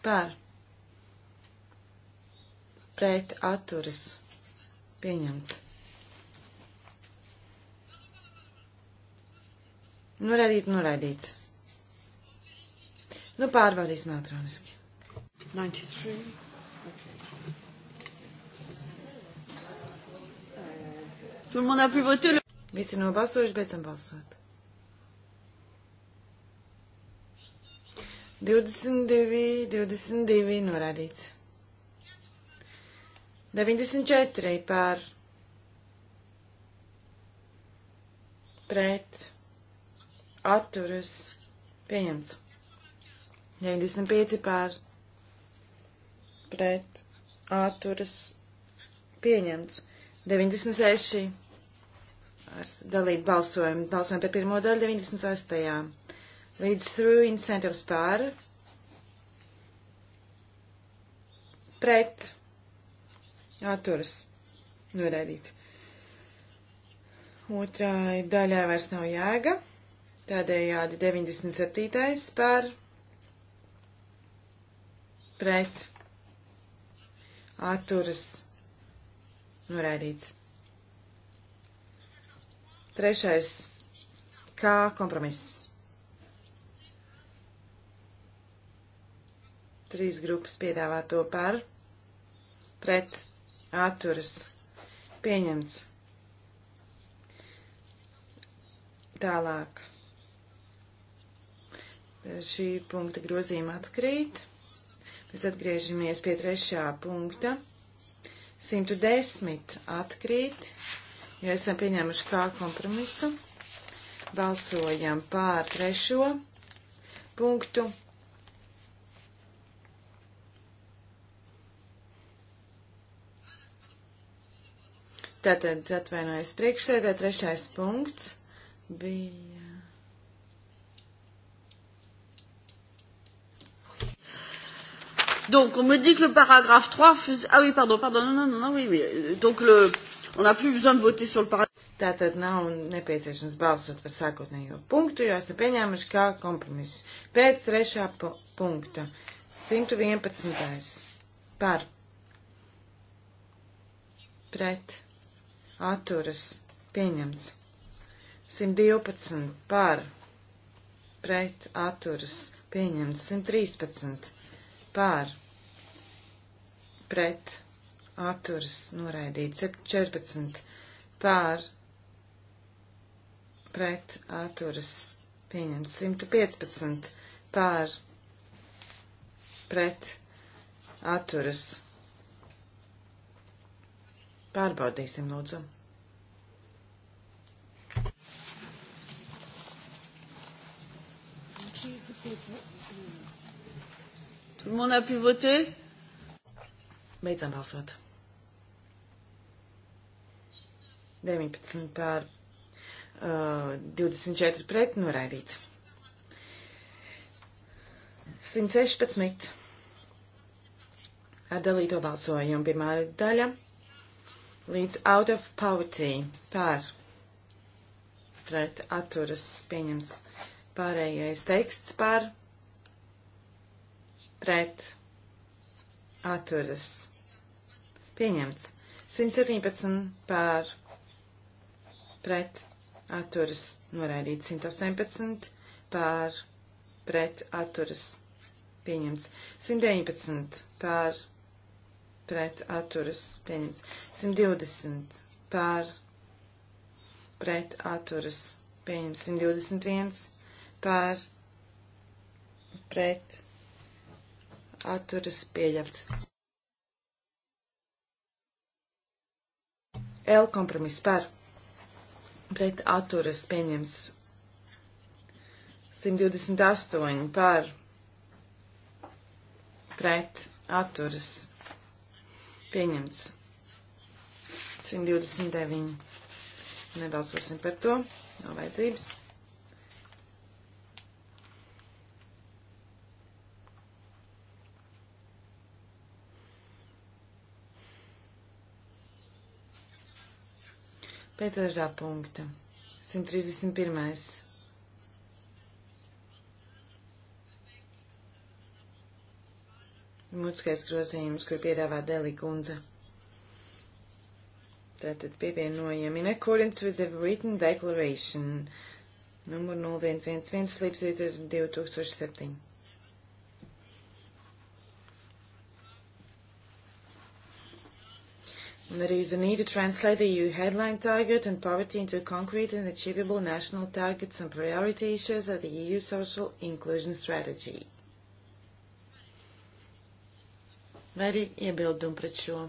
par pret atturas pieņemts. Noraidīt, noraidīt. Nu, pārbaudīsim elektroniski. 93. Okay. Visi nobalsojuši, beidzam balsot. 22, 22 norādīts. 94 pār pret atturas pieņemts. 95 pār pret atturas pieņemts. 96 ar dalību balsojumu. Balsojumu par pirmo daļu 96. Līdz through incentives par pret atturas noraidīts. Otrai daļai vairs nav jēga. Tādējādi 97. par pret atturas noraidīts. Trešais kā kompromiss Trīs grupas piedāvā to par, pret, atturas, pieņemts. Tālāk. Šī punkta grozījuma atkrīt. Mēs atgriežamies pie trešā punkta. 110 atkrīt, jo esam pieņēmuši kā kompromisu. Balsojam pār trešo punktu Tātad atvainojas priekšsēdē, trešais punkts bija. Donc, on me dit que le paragraphe 3 faisait... Ah oui, pardon, pardon, non, non, non, non oui, oui. Donc, le... on n'a plus besoin de voter sur le paragraphe. Tātad nav nepieciešams balsot par sākotnējo punktu, jo esam pieņēmuši kā kompromisu. Pēc trešā punkta. 111. Par. Pret atturas pieņemts. 112 par pret atturas pieņemts. 113 par pret atturas noraidīts. 14 par pret atturas pieņemts. 115 par pret atturas pieņemts Pārbaudīsim, lūdzu. Tout le monde a pu voter Beidzam balsot. 19 pār uh, 24 pret noraidīts. 116 ar dalīto balsojumu pirmā daļa līdz out of poverty pār pret atturas pieņemts pārējais teksts par pret atturas pieņemts 117 pār pret atturas noraidīts 118 pār pret atturas pieņemts 119 pār pret atturas pieņemts. 120 pār pret atturas pieņemts. 121 pār pret atturas pieļemts. L kompromiss par pret atturas pieņemts 128 par pret atturas Pieņemts. 129. Nebalsosim par to. Nav vajadzības. Pēc otrā punkta. 131. mutiskais grozījums, kur piedāvā Delikundze. Tātad pievienojam in accordance with the written declaration. Numur 0111 slīpsvītra 2007. And there is a need to translate the EU headline target on poverty into concrete and achievable national targets and priority issues of the EU social inclusion strategy. vai arī iebildumi pret šo.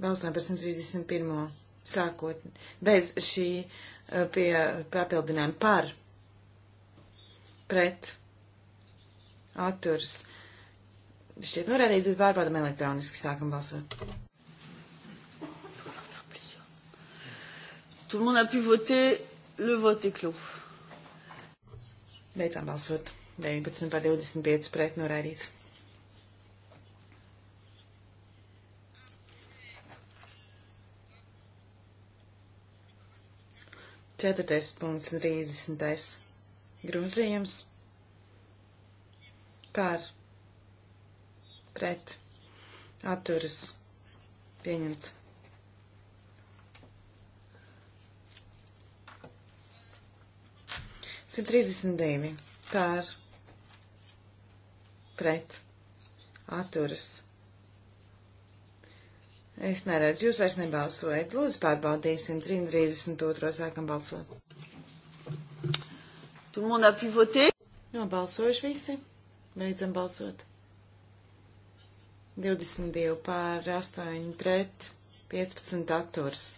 Balsojam par 131. sākot bez šī eh, pie papildinājuma par pret atturs. Šķiet norādīts, bet pārbaudam elektroniski sākam balsot. Tout le monde a pu voter, le vote est clos. Beidzām balsot. 19 par 25 pret noraidīts. Ceturtais punkts, 30. grozījums par pret atturas pieņemts. 132 pār pret atturas. Es neredzu, jūs vairs nebalsojat. Lūdzu, pārbaudīsim 332. sākam balsot. Tu man apivotē? Nobalsojuši visi. Beidzam balsot. 22 pār 8 pret 15 atturs.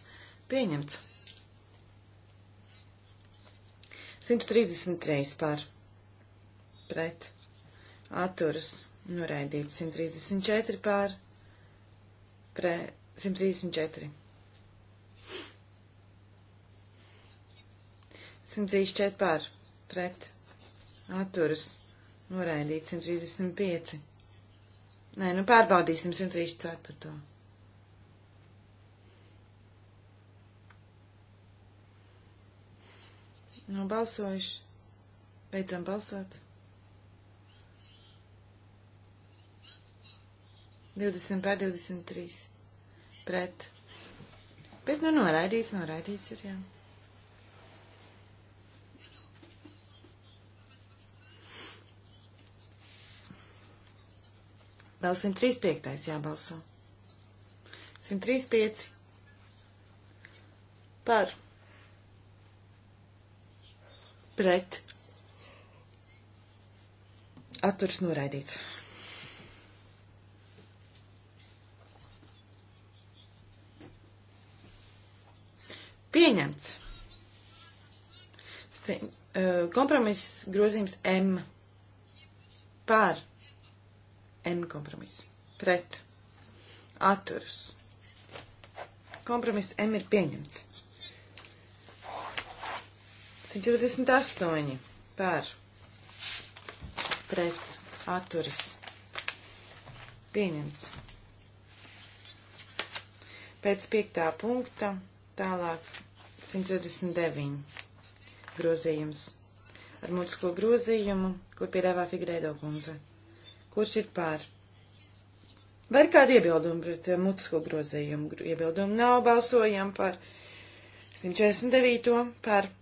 Pieņemts. 133 par pret atturas noraidīts 134 par pre 134. 134 par pret atturas noraidīts 135. Nē, nu pārbaudīsim 134. Nobalsojuši. Nu, Beidzam balsot. 20 pār 23. Pret. Bet, nu, noraidīts, noraidīts ir, jā. Vēl 135. jābalso. 135. Par pret atturs noraidīts. Pieņemts. Eh, kompromiss grozījums M par M kompromisu. Pret. Atturs. Kompromiss M ir pieņemts. 148 par pret atturas pieņemts. Pēc piektā punkta tālāk 129 grozījums ar mutisko grozījumu, kur piedāvā Figreido kundze. Kurš ir pār? Vai ir kādi iebildumi pret eh, mutisko grozījumu? Iebildumi nav, balsojam par 149. par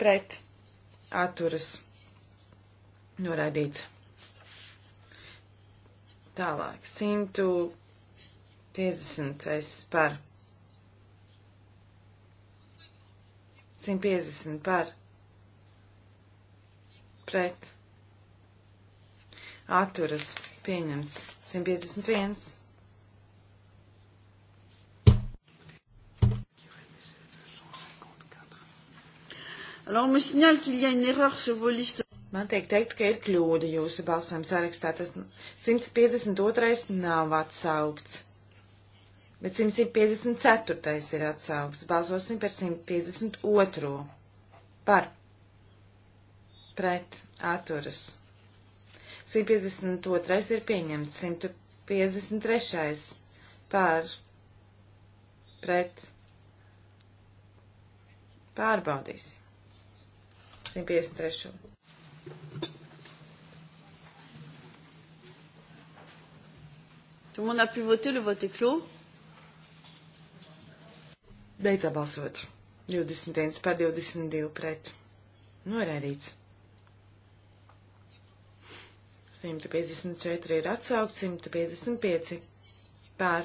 pret atturas noraidīts. Tālāk, 150 par 150 par pret atturas pieņemts 151 Alors, on me signale qu'il y a une erreur sur vos listes. Man tiek teikts, ka ir kļūda jūsu balsojuma sarakstā. Tas 152. nav atsaukts. Bet 154. ir atsaukts. Balsosim par 152. Par. Pret. Atturas. 152. ir pieņemts. 153. Par. Pret. Pārbaudīsim. 153. Tout le monde a pu voter, le vote est clos. Beidzā balsot. 21 par 22 pret. Norādīts. 154 ir atsaukt, 155 pār.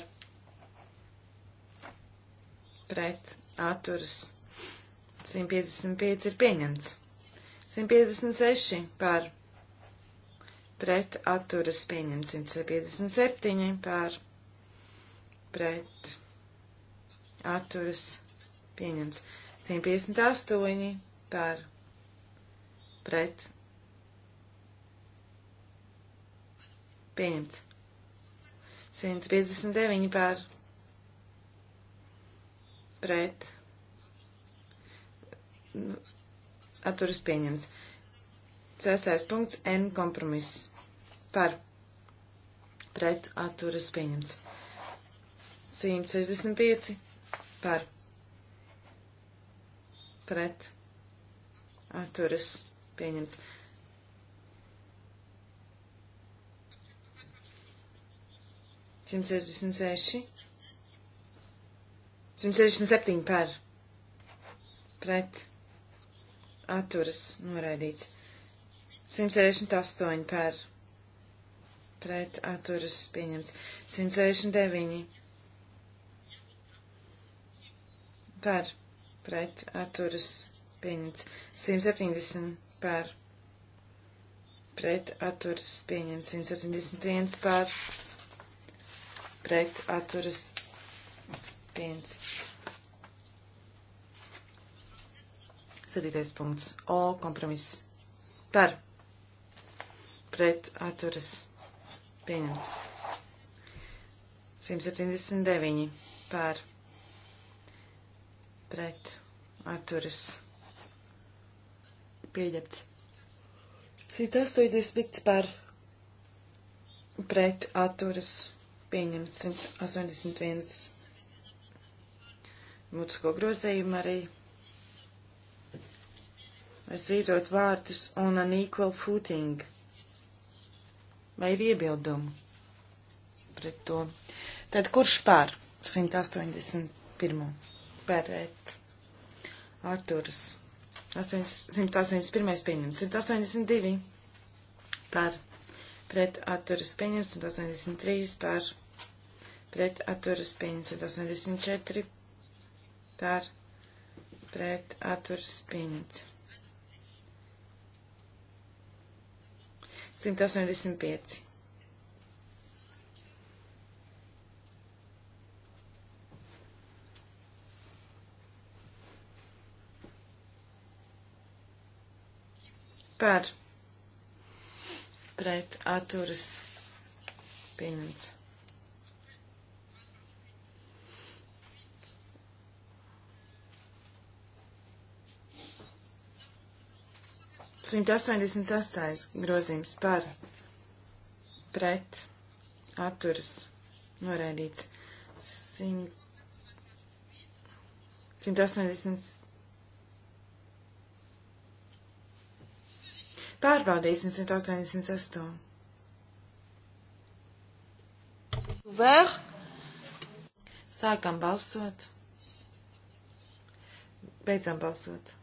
Pret. Atturs. 155 ir pieņemts. 156 par pret atturas pieņemts 157 par pret atturas pieņemts 158 par pret pieņemts 159 par pret atturas pieņemts. Sestais punkts N kompromiss par pret atturas pieņemts. 165 par pret atturas pieņemts. Simt sešdesmit seši, simt sešdesmit septiņi par, pret, atturas noraidīts. 168 par pret atturas pieņemts. 169 par pret atturas pieņemts. 170 par pret atturas pieņemts. 171 par pret atturas pieņemts. Sadītais punkts O kompromiss par pret atturas pieņemts. 179 par pret atturas pieņemts. 180 par pret atturas pieņemts. 181 mūtisko grozījumu arī svītrot vārdus on an equal footing. Vai ir iebildumi pret to? Tad kurš pār 181. pret Arturas? 181. pieņems, 182 par pret atturas pieņems, 183 par pret atturas pieņems, 184 par pret atturas pieņems. 185. Par pret atturas pieņemts. 188. grozījums par pret atturas noraidīts. 100, 180. Pārbaudīsim 188. Vēl. Sākam balsot. Beidzam balsot.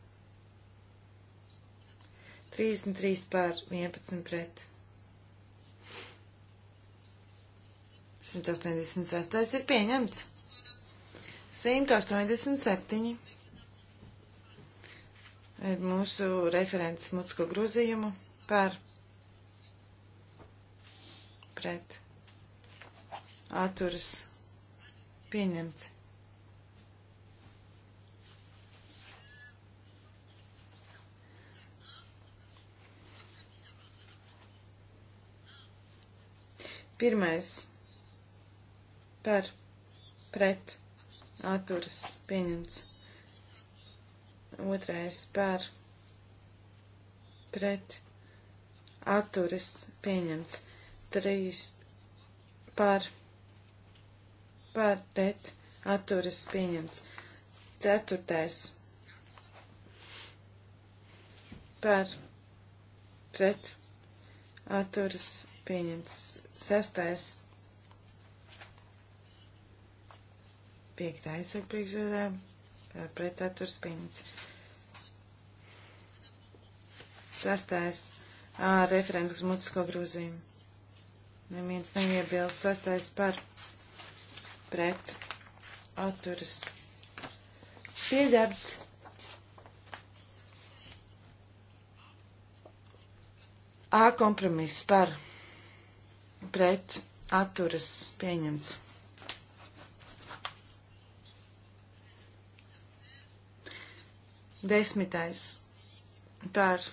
33 pār 11 pret. 186 ir pieņemts. 187 ir mūsu referents mutsko grozījumu par pret atturas pieņemts. Pirmais par pret atturas pieņemts. Otrais par pret atturas pieņemts. Trīs par par pret atturas pieņemts. Ceturtais par pret atturas pieņemts. Sestais. Piektais ar priekšsēdē pretaturs pieņemts. Sestais ar referents gzmutisko grozījumu. Neviens neiebilst. Sestais par pret atturas pieļauts. A kompromiss par pret atturas pieņemts. 10. par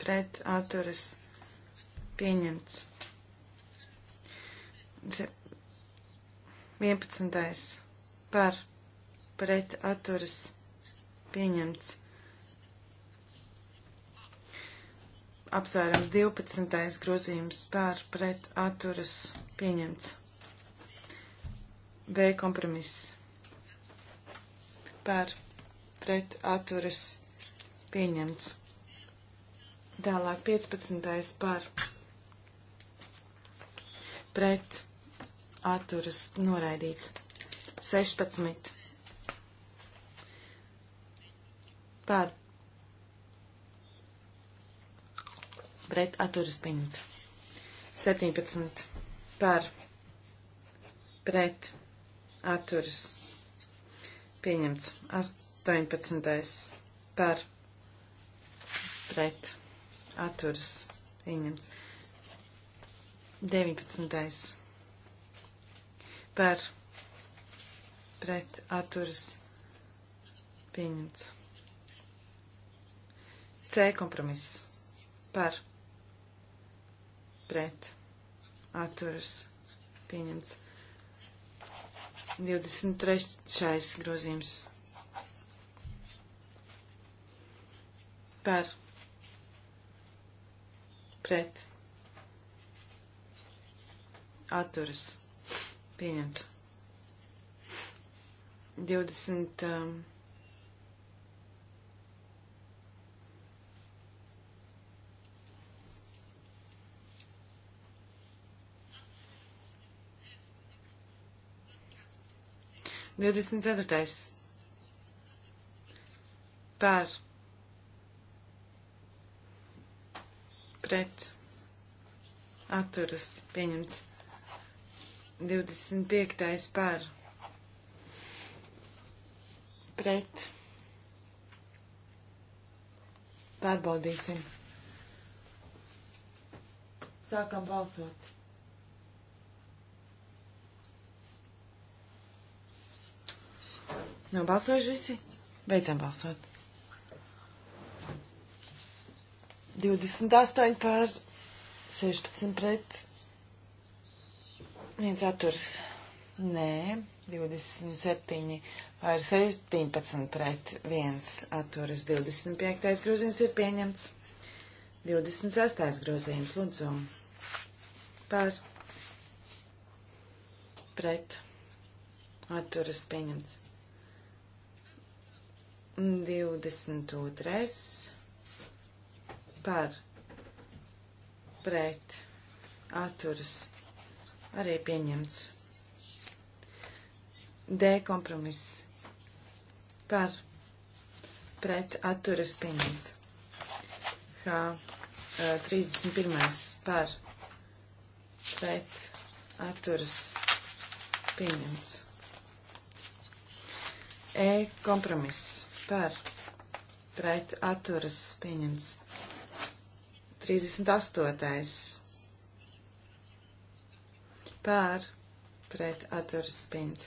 pret atturas pieņemts. 11. par pret atturas pieņemts. apsvērums 12. grozījums pār pret atturas pieņemts. B kompromiss pār pret atturas pieņemts. Tālāk 15. pār pret atturas noraidīts. 16. pār pret pret atturas pieņemts. 17 par pret atturas pieņemts. 18 par pret atturas pieņemts. 19 par pret atturas pieņemts. C kompromiss par pret pret atturas pieņemts. 23. grozījums par pret atturas pieņemts. 20. Um, 24. Par. Pret. Atturas pieņemts. 25. Par. Pret. Pārbaudīsim. Sākam balsot. Nobalsojuši visi? Beidzam balsot. 28 pār 16 pret. Viens atturs. Nē, 27 pār 17 pret. Viens atturs. 25. grozījums ir pieņemts. 26. grozījums lūdzu. Pār. Pret. Atturas pieņemts. 22. par pret atturas arī pieņemts. D kompromiss par pret atturas pieņemts. H 31. E, par pret atturas pieņemts. E kompromiss par pret atturas pieņemts. 38. par pret atturas pieņemts.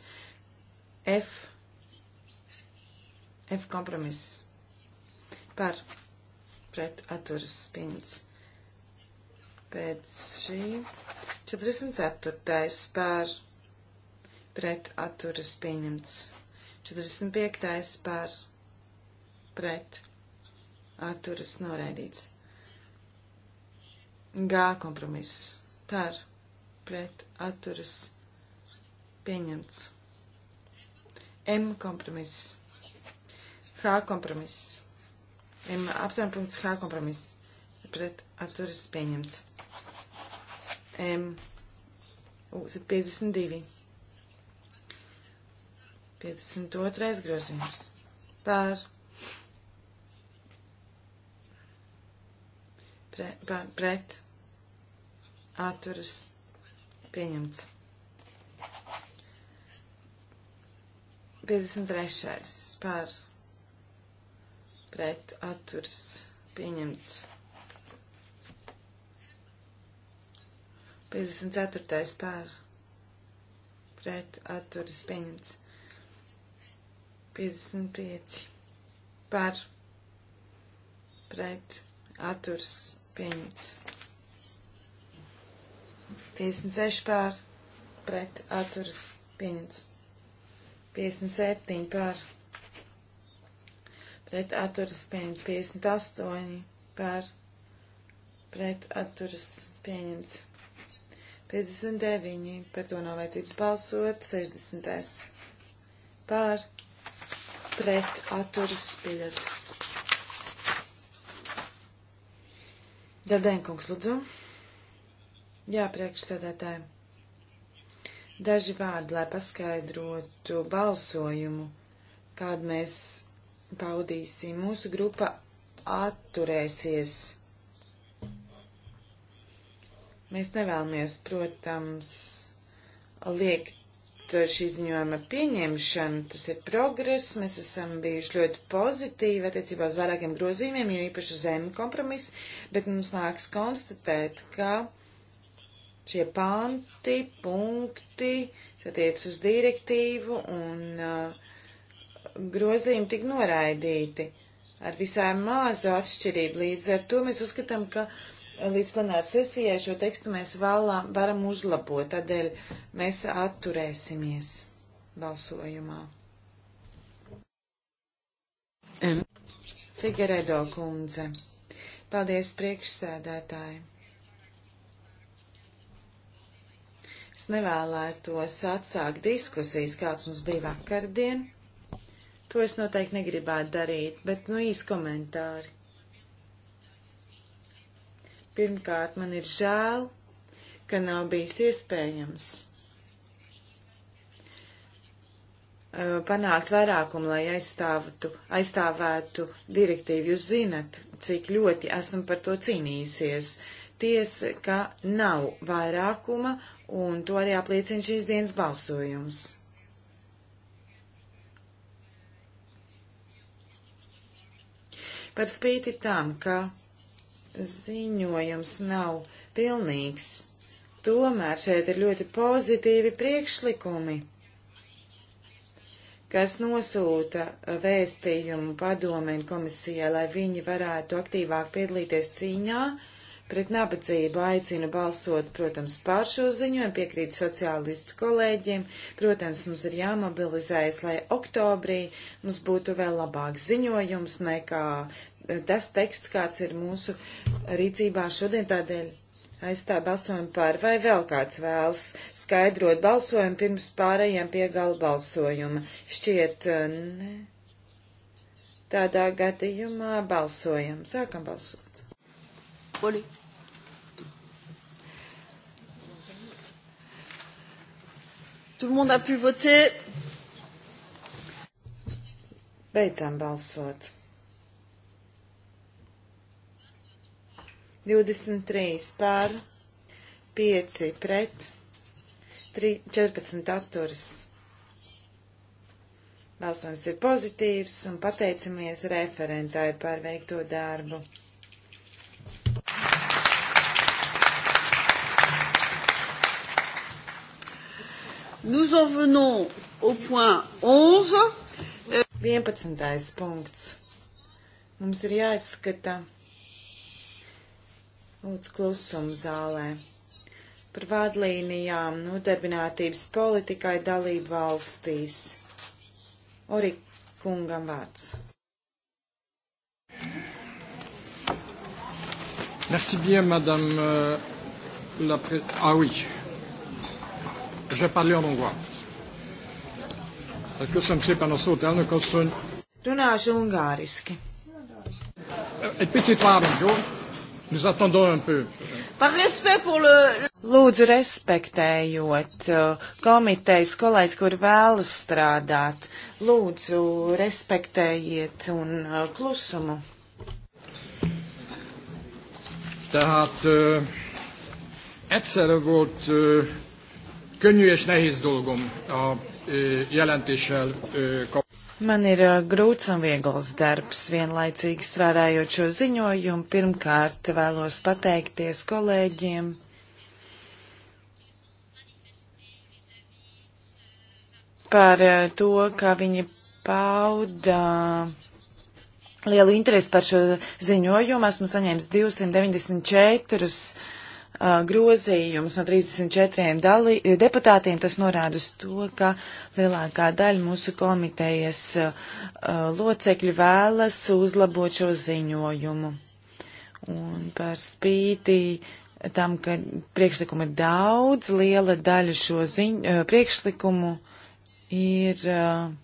F. F kompromiss par pret atturas pieņemts. Pēc šī 44. par pret atturas pieņemts. 45. par pret pret atturas noraidīts. G kompromiss par pret atturas pieņemts. M kompromiss. H kompromiss. M apsvērumu punkts H kompromiss. Pret atturas pieņemts. M. U, 52. 52. grozījums. Pār pre, par, pret atturas pieņemts. 53. par pret atturas pieņemts. 54. par pret atturas pieņemts. 55. par pret atturas pieņemts. 56 pār pret atturas pieņemts. 57 pār pret atturas pieņemts. 58 pār pret atturas pieņemts. 59 par to nav vajadzības balsot. 60 pār pret atturas pieņemts. Dardenkungs, lūdzu. Jā, priekšsēdētāji. Daži vārdi, lai paskaidrotu balsojumu, kādu mēs paudīsim. Mūsu grupa atturēsies. Mēs nevēlamies, protams, liekt Eh, šī ziņojuma pieņemšanu. Tas ir progress, mēs esam bijuši ļoti pozitīvi attiecībā uz vairākiem grozījumiem, jo īpaši uz zemi kompromisu, bet mums nāks konstatēt, ka šie panti, punkti, attiec uz direktīvu un uh, grozījumi tik noraidīti ar visai māzu atšķirību. Līdz ar to mēs uzskatām, ka uh, līdz plenāra sesijai šo tekstu mēs vēlā, varam uzlabot, tādēļ mēs atturēsimies balsojumā. Mm. Figeredo kundze. Paldies priekšsēdētāji. Es nevēlētos atsākt diskusijas, kāds mums bija vakardien. To es noteikti negribētu darīt, bet nu īsi komentāri. Pirmkārt, man ir žēl, ka nav bijis iespējams uh, panākt vairākumu, lai aizstāvētu, aizstāvētu direktīvu. Jūs zinat, cik ļoti esmu par to cīnījusies. Tiesa, ka nav vairākuma, un to arī apliecina šīs dienas balsojums. Par spīti tam, ka ziņojums nav pilnīgs. Tomēr šeit ir ļoti pozitīvi priekšlikumi, kas nosūta vēstījumu padomēn komisijai, lai viņi varētu aktīvāk piedalīties cīņā pret nabadzību. Aicinu balsot, protams, pār šo ziņojumu, piekrīt sociālistu kolēģiem. Protams, mums ir jāmobilizējas, lai oktobrī mums būtu vēl labāks ziņojums nekā tas teksts, kāds ir mūsu rīcībā šodien, tādēļ aizstāja balsojumu pār, vai vēl kāds vēlas skaidrot balsojumu pirms pārējiem pie gala balsojuma. Šķiet, eh, ne. Tādā gadījumā balsojam. Sākam balsot. Oli. Tout le monde a pu voter. Beidzam balsot. 23 pār, 5 pret, 3, 14 atturas. Balsojums ir pozitīvs un pateicamies referentāju par veikto darbu. Nous en venons au point 11. 11. punkts. Mums ir jāizskata Lūdzu, klusumu zālē. Par vadlīnijām nodarbinātības politikai dalību valstīs. Ori kungam vārds. Merci bien, madame euh, la présidente. Ah oui, je parlais en hongrois. Köszönöm szépen a szót, elnök asszony. Runāšu ungāriski. Egy picit várunk, jó? Nous attendons un peu. Par respect pour le... Lūdzu, respektējot uh, komitejas kolēģis, kur vēlas strādāt, lūdzu, respektējiet un uh, klusumu. Tehát uh, egyszerre volt uh, könnyű és nehéz dolgom a uh, jelentéssel uh, kapcsolatban. Man ir grūts un viegls darbs, vienlaicīgi strādājot šo ziņojumu. Pirmkārt vēlos pateikties kolēģiem. Par to, ka viņi pauda lielu interesi par šo ziņojumu. Esmu saņēmis 294 grozījumus no 34 dalī, deputātiem, tas norāda uz to, ka lielākā daļa mūsu komitejas uh, locekļu vēlas uzlabot šo ziņojumu. Un par spīti tam, ka priekšlikumu ir daudz, liela daļa šo ziņ, uh, priekšlikumu ir uh,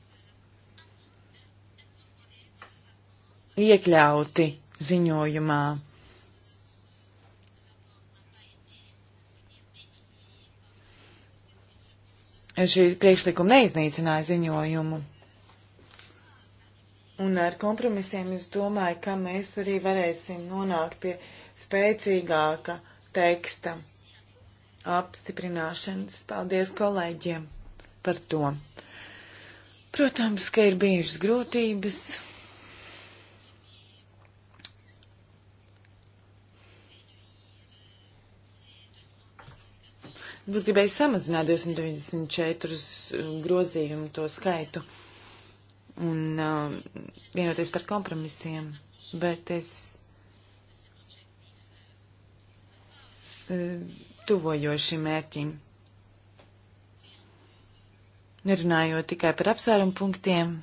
iekļauti ziņojumā. šī priekšlikuma neiznīcināja ziņojumu. Un ar kompromisiem es domāju, ka mēs arī varēsim nonākt pie spēcīgāka teksta apstiprināšanas. Paldies kolēģiem par to. Protams, ka ir bijušas grūtības. nu, gribēju samazināt 294 um, grozījumu to skaitu un uh, vienoties par kompromisiem, bet es uh, um, tuvojoši mērķim. Nerunājot tikai par apsvērumu punktiem,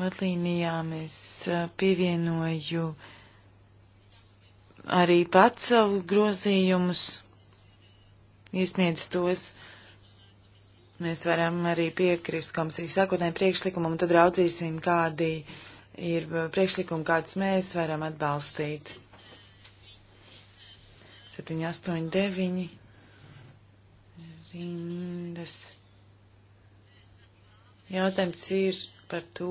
vadlīnijām es uh, pievienoju arī pats savu grozījumus iesniedz tos. Mēs varam arī piekrist komisijas sākotnēm priekšlikumam, un tad raudzīsim, kādi ir priekšlikumi, kādus mēs varam atbalstīt. 7, 8, 9 rindas. Jautājums ir par to,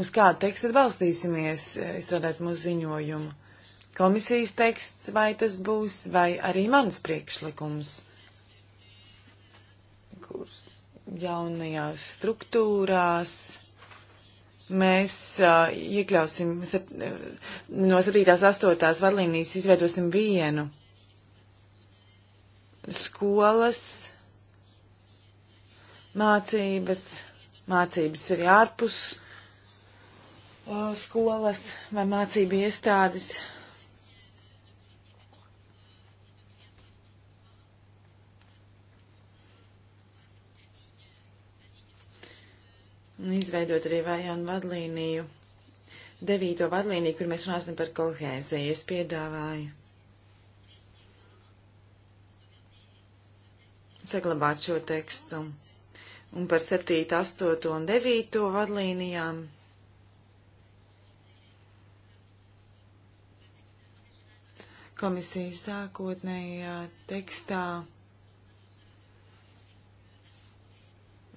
uz kādu tekstu balstīsimies, izstrādāt mūsu ziņojumu komisijas teksts, vai tas būs, vai arī mans priekšlikums, kurs jaunajās struktūrās mēs uh, iekļausim sep, no 7. 8. vadlīnijas izveidosim vienu skolas mācības, mācības arī ārpus uh, skolas vai mācību iestādes izveidot arī vajānu vadlīniju, devīto vadlīniju, kur mēs runāsim par kohēziju. Es piedāvāju saglabāt šo tekstu un par 7, 8 un 9 vadlīnijām. Komisijas sākotnējā tekstā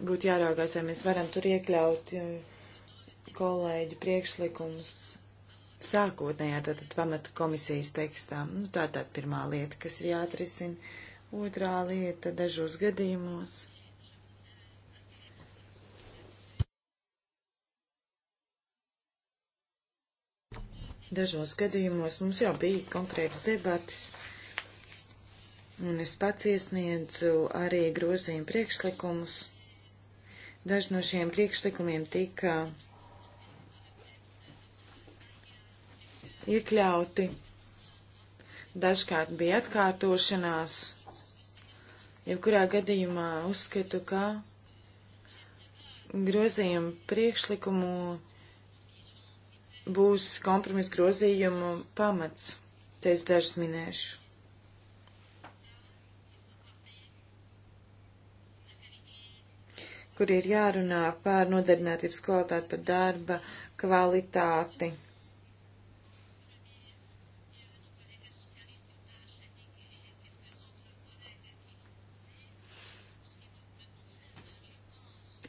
būtu jāraugās, vai mēs varam tur iekļaut eh, kolēģu priekšlikumus sākotnējā tātad pamata komisijas tekstā. Nu, tā tad pirmā lieta, kas ir jāatrisina. Otrā lieta dažos gadījumos. Dažos gadījumos mums jau bija konkrēts debatas, un es pats iesniedzu arī grozījumu priekšlikumus Daži no šiem priekšlikumiem tika iekļauti. Dažkārt bija atkārtošanās. Jebkurā gadījumā uzskatu, ka grozījumu priekšlikumu būs kompromisa grozījumu pamats. Te es dažs minēšu. kur ir jārunā par nodarbinātības kvalitāti, par darba kvalitāti.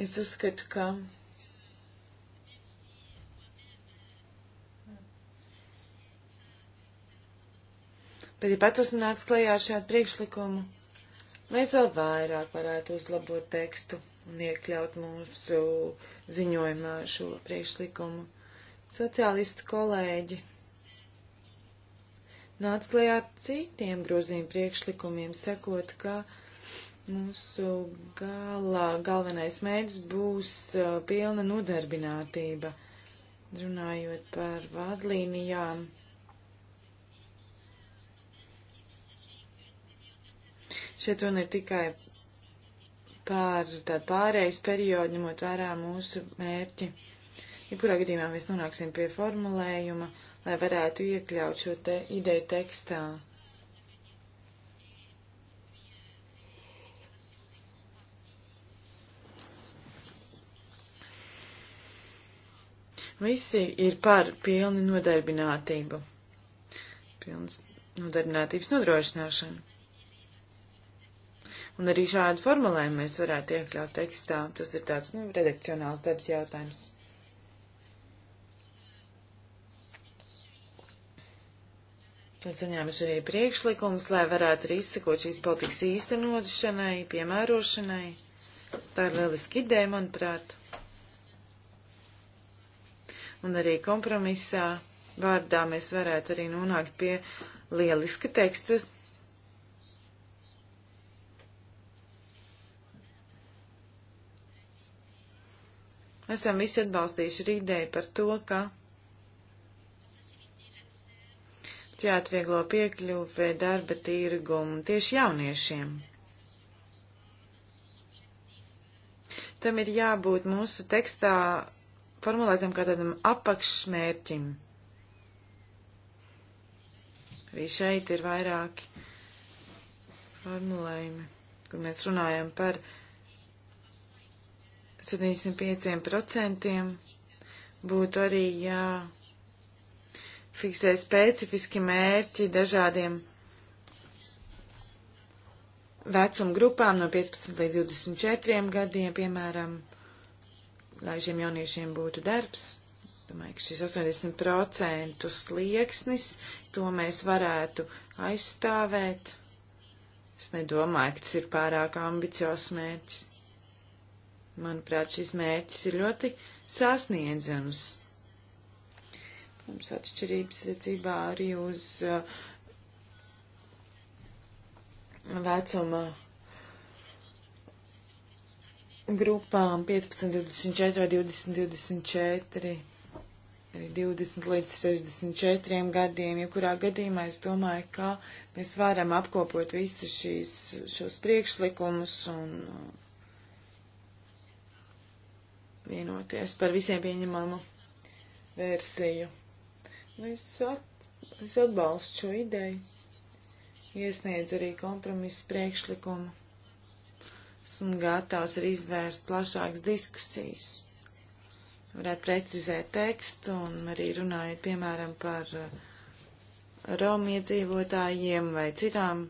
Es uzskatu, ka Bet, ja pats esmu nācis klajā ar šādu priekšlikumu, mēs vēl vairāk varētu uzlabot tekstu iekļaut mūsu ziņojumā šo priekšlikumu. Sociālisti kolēģi nāca klajā citiem grozījumu priekšlikumiem, sakot, ka mūsu galā galvenais mērķis būs uh, pilna nodarbinātība. Runājot par vadlīnijām. Šeit runa ir tikai par tādu pārējais periodu, ņemot vērā mūsu mērķi. Jebkurā gadījumā mēs nonāksim pie formulējuma, lai varētu iekļaut šo te ideju tekstā. Visi ir par pilnu nodarbinātību, pilnas nodarbinātības nodrošināšanu. Un arī šādu formulējumu mēs varētu iekļaut tekstā. Tas ir tāds nu, redakcionāls darbs jautājums. Tad saņēmuši arī priekšlikumus, lai varētu arī izsakot šīs politikas īstenošanai, piemērošanai. Tā ir lieliski ideja, manuprāt. Un arī kompromisā vārdā mēs varētu arī nonākt pie lieliska teksta esam visi atbalstījuši arī ideju par to, ka jāatvieglo piekļuvē darba tīrgumu tieši jauniešiem. Tam ir jābūt mūsu tekstā formulētam kā tādam apakšmērķim. Arī šeit ir vairāki formulējumi, kur mēs runājam par uh, 75% būtu arī jāfiksē specifiski mērķi dažādiem vecuma grupām no 15 līdz 24 gadiem, piemēram, lai šiem jauniešiem būtu darbs. Domāju, ka šis 80% slieksnis, to mēs varētu aizstāvēt. Es nedomāju, ka tas ir pārāk ambiciozs mērķis. Manuprāt, šis mērķis ir ļoti sasniedzams. Mums atšķirības secībā arī uz uh, vecuma grupām 15, 24, 20, 24 arī 20 līdz 64 gadiem. Jebkurā gadījumā es domāju, ka mēs varam apkopot visus šīs, šos priekšlikumus un uh, vienoties par visiem pieņemamu versiju. Nu, es, at, es atbalstu šo ideju, iesniedzu arī kompromisu priekšlikumu. Esmu gatavs arī izvērst plašākas diskusijas. Varētu precizēt tekstu un arī runājot, piemēram, par eh, Romu iedzīvotājiem vai citām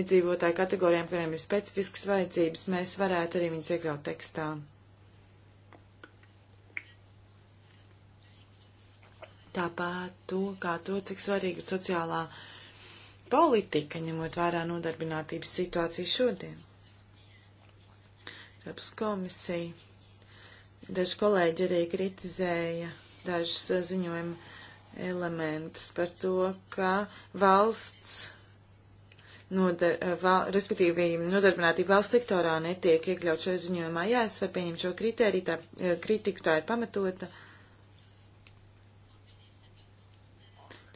iedzīvotāju kategorijām, kuriem ir specifiskas vajadzības, mēs varētu arī viņus iekļaut tekstām. tāpat to, kā to, cik svarīga ir sociālā politika, ņemot vērā nodarbinātības situāciju šodien. Eiropas komisija. Daži kolēģi arī kritizēja dažus ziņojuma elementus par to, ka valsts, nodar, eh, val, respektīvi nodarbinātība valsts sektorā netiek iekļaut šajā ziņojumā. Jā, es varu pieņemt šo kritēriju, tā eh, kritika tā ir pamatota. Uh,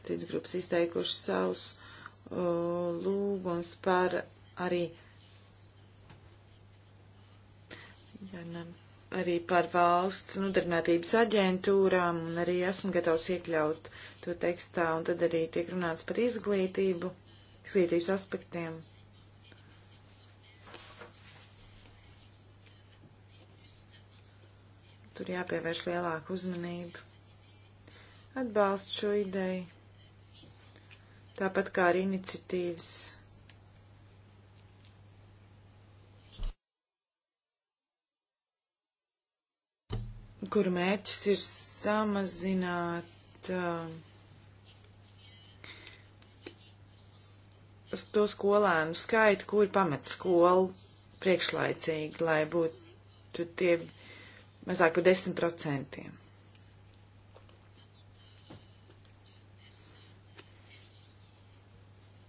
citas grupas izteikuši savus uh, lūgums par arī, ja ne, arī par valsts nodarbinātības aģentūrām, un arī esmu gatavs iekļaut to tekstā, un tad arī tiek runāts par izglītību, izglītības aspektiem. Tur jāpievērš lielāka uzmanība atbalstu šo ideju tāpat kā arī iniciatīvas. kuru mērķis ir samazināt uh, to skolēnu skaitu, kuri pamet skolu priekšlaicīgi, lai būtu tie mazāk par 10%.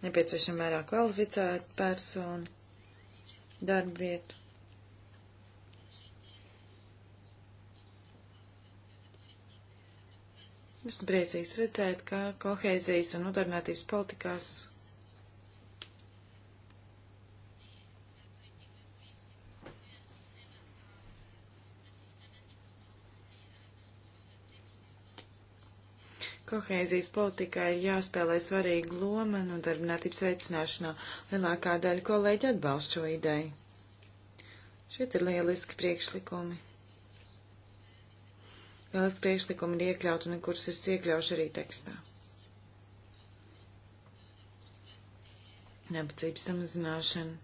nepieciešama vairāk kvalificēta persona, darba vietu. Esmu priecīgs redzēt, ka kohēzijas un modernātības politikās Kohēzijas politikā ir jāspēlē svarīga loma nodarbinātības veicināšanā. Lielākā daļa kolēģi atbalst šo ideju. Šeit ir lieliski priekšlikumi. Lieliski priekšlikumi ir iekļauti un kurus es iekļaušu arī tekstā. Nebacības samazināšana.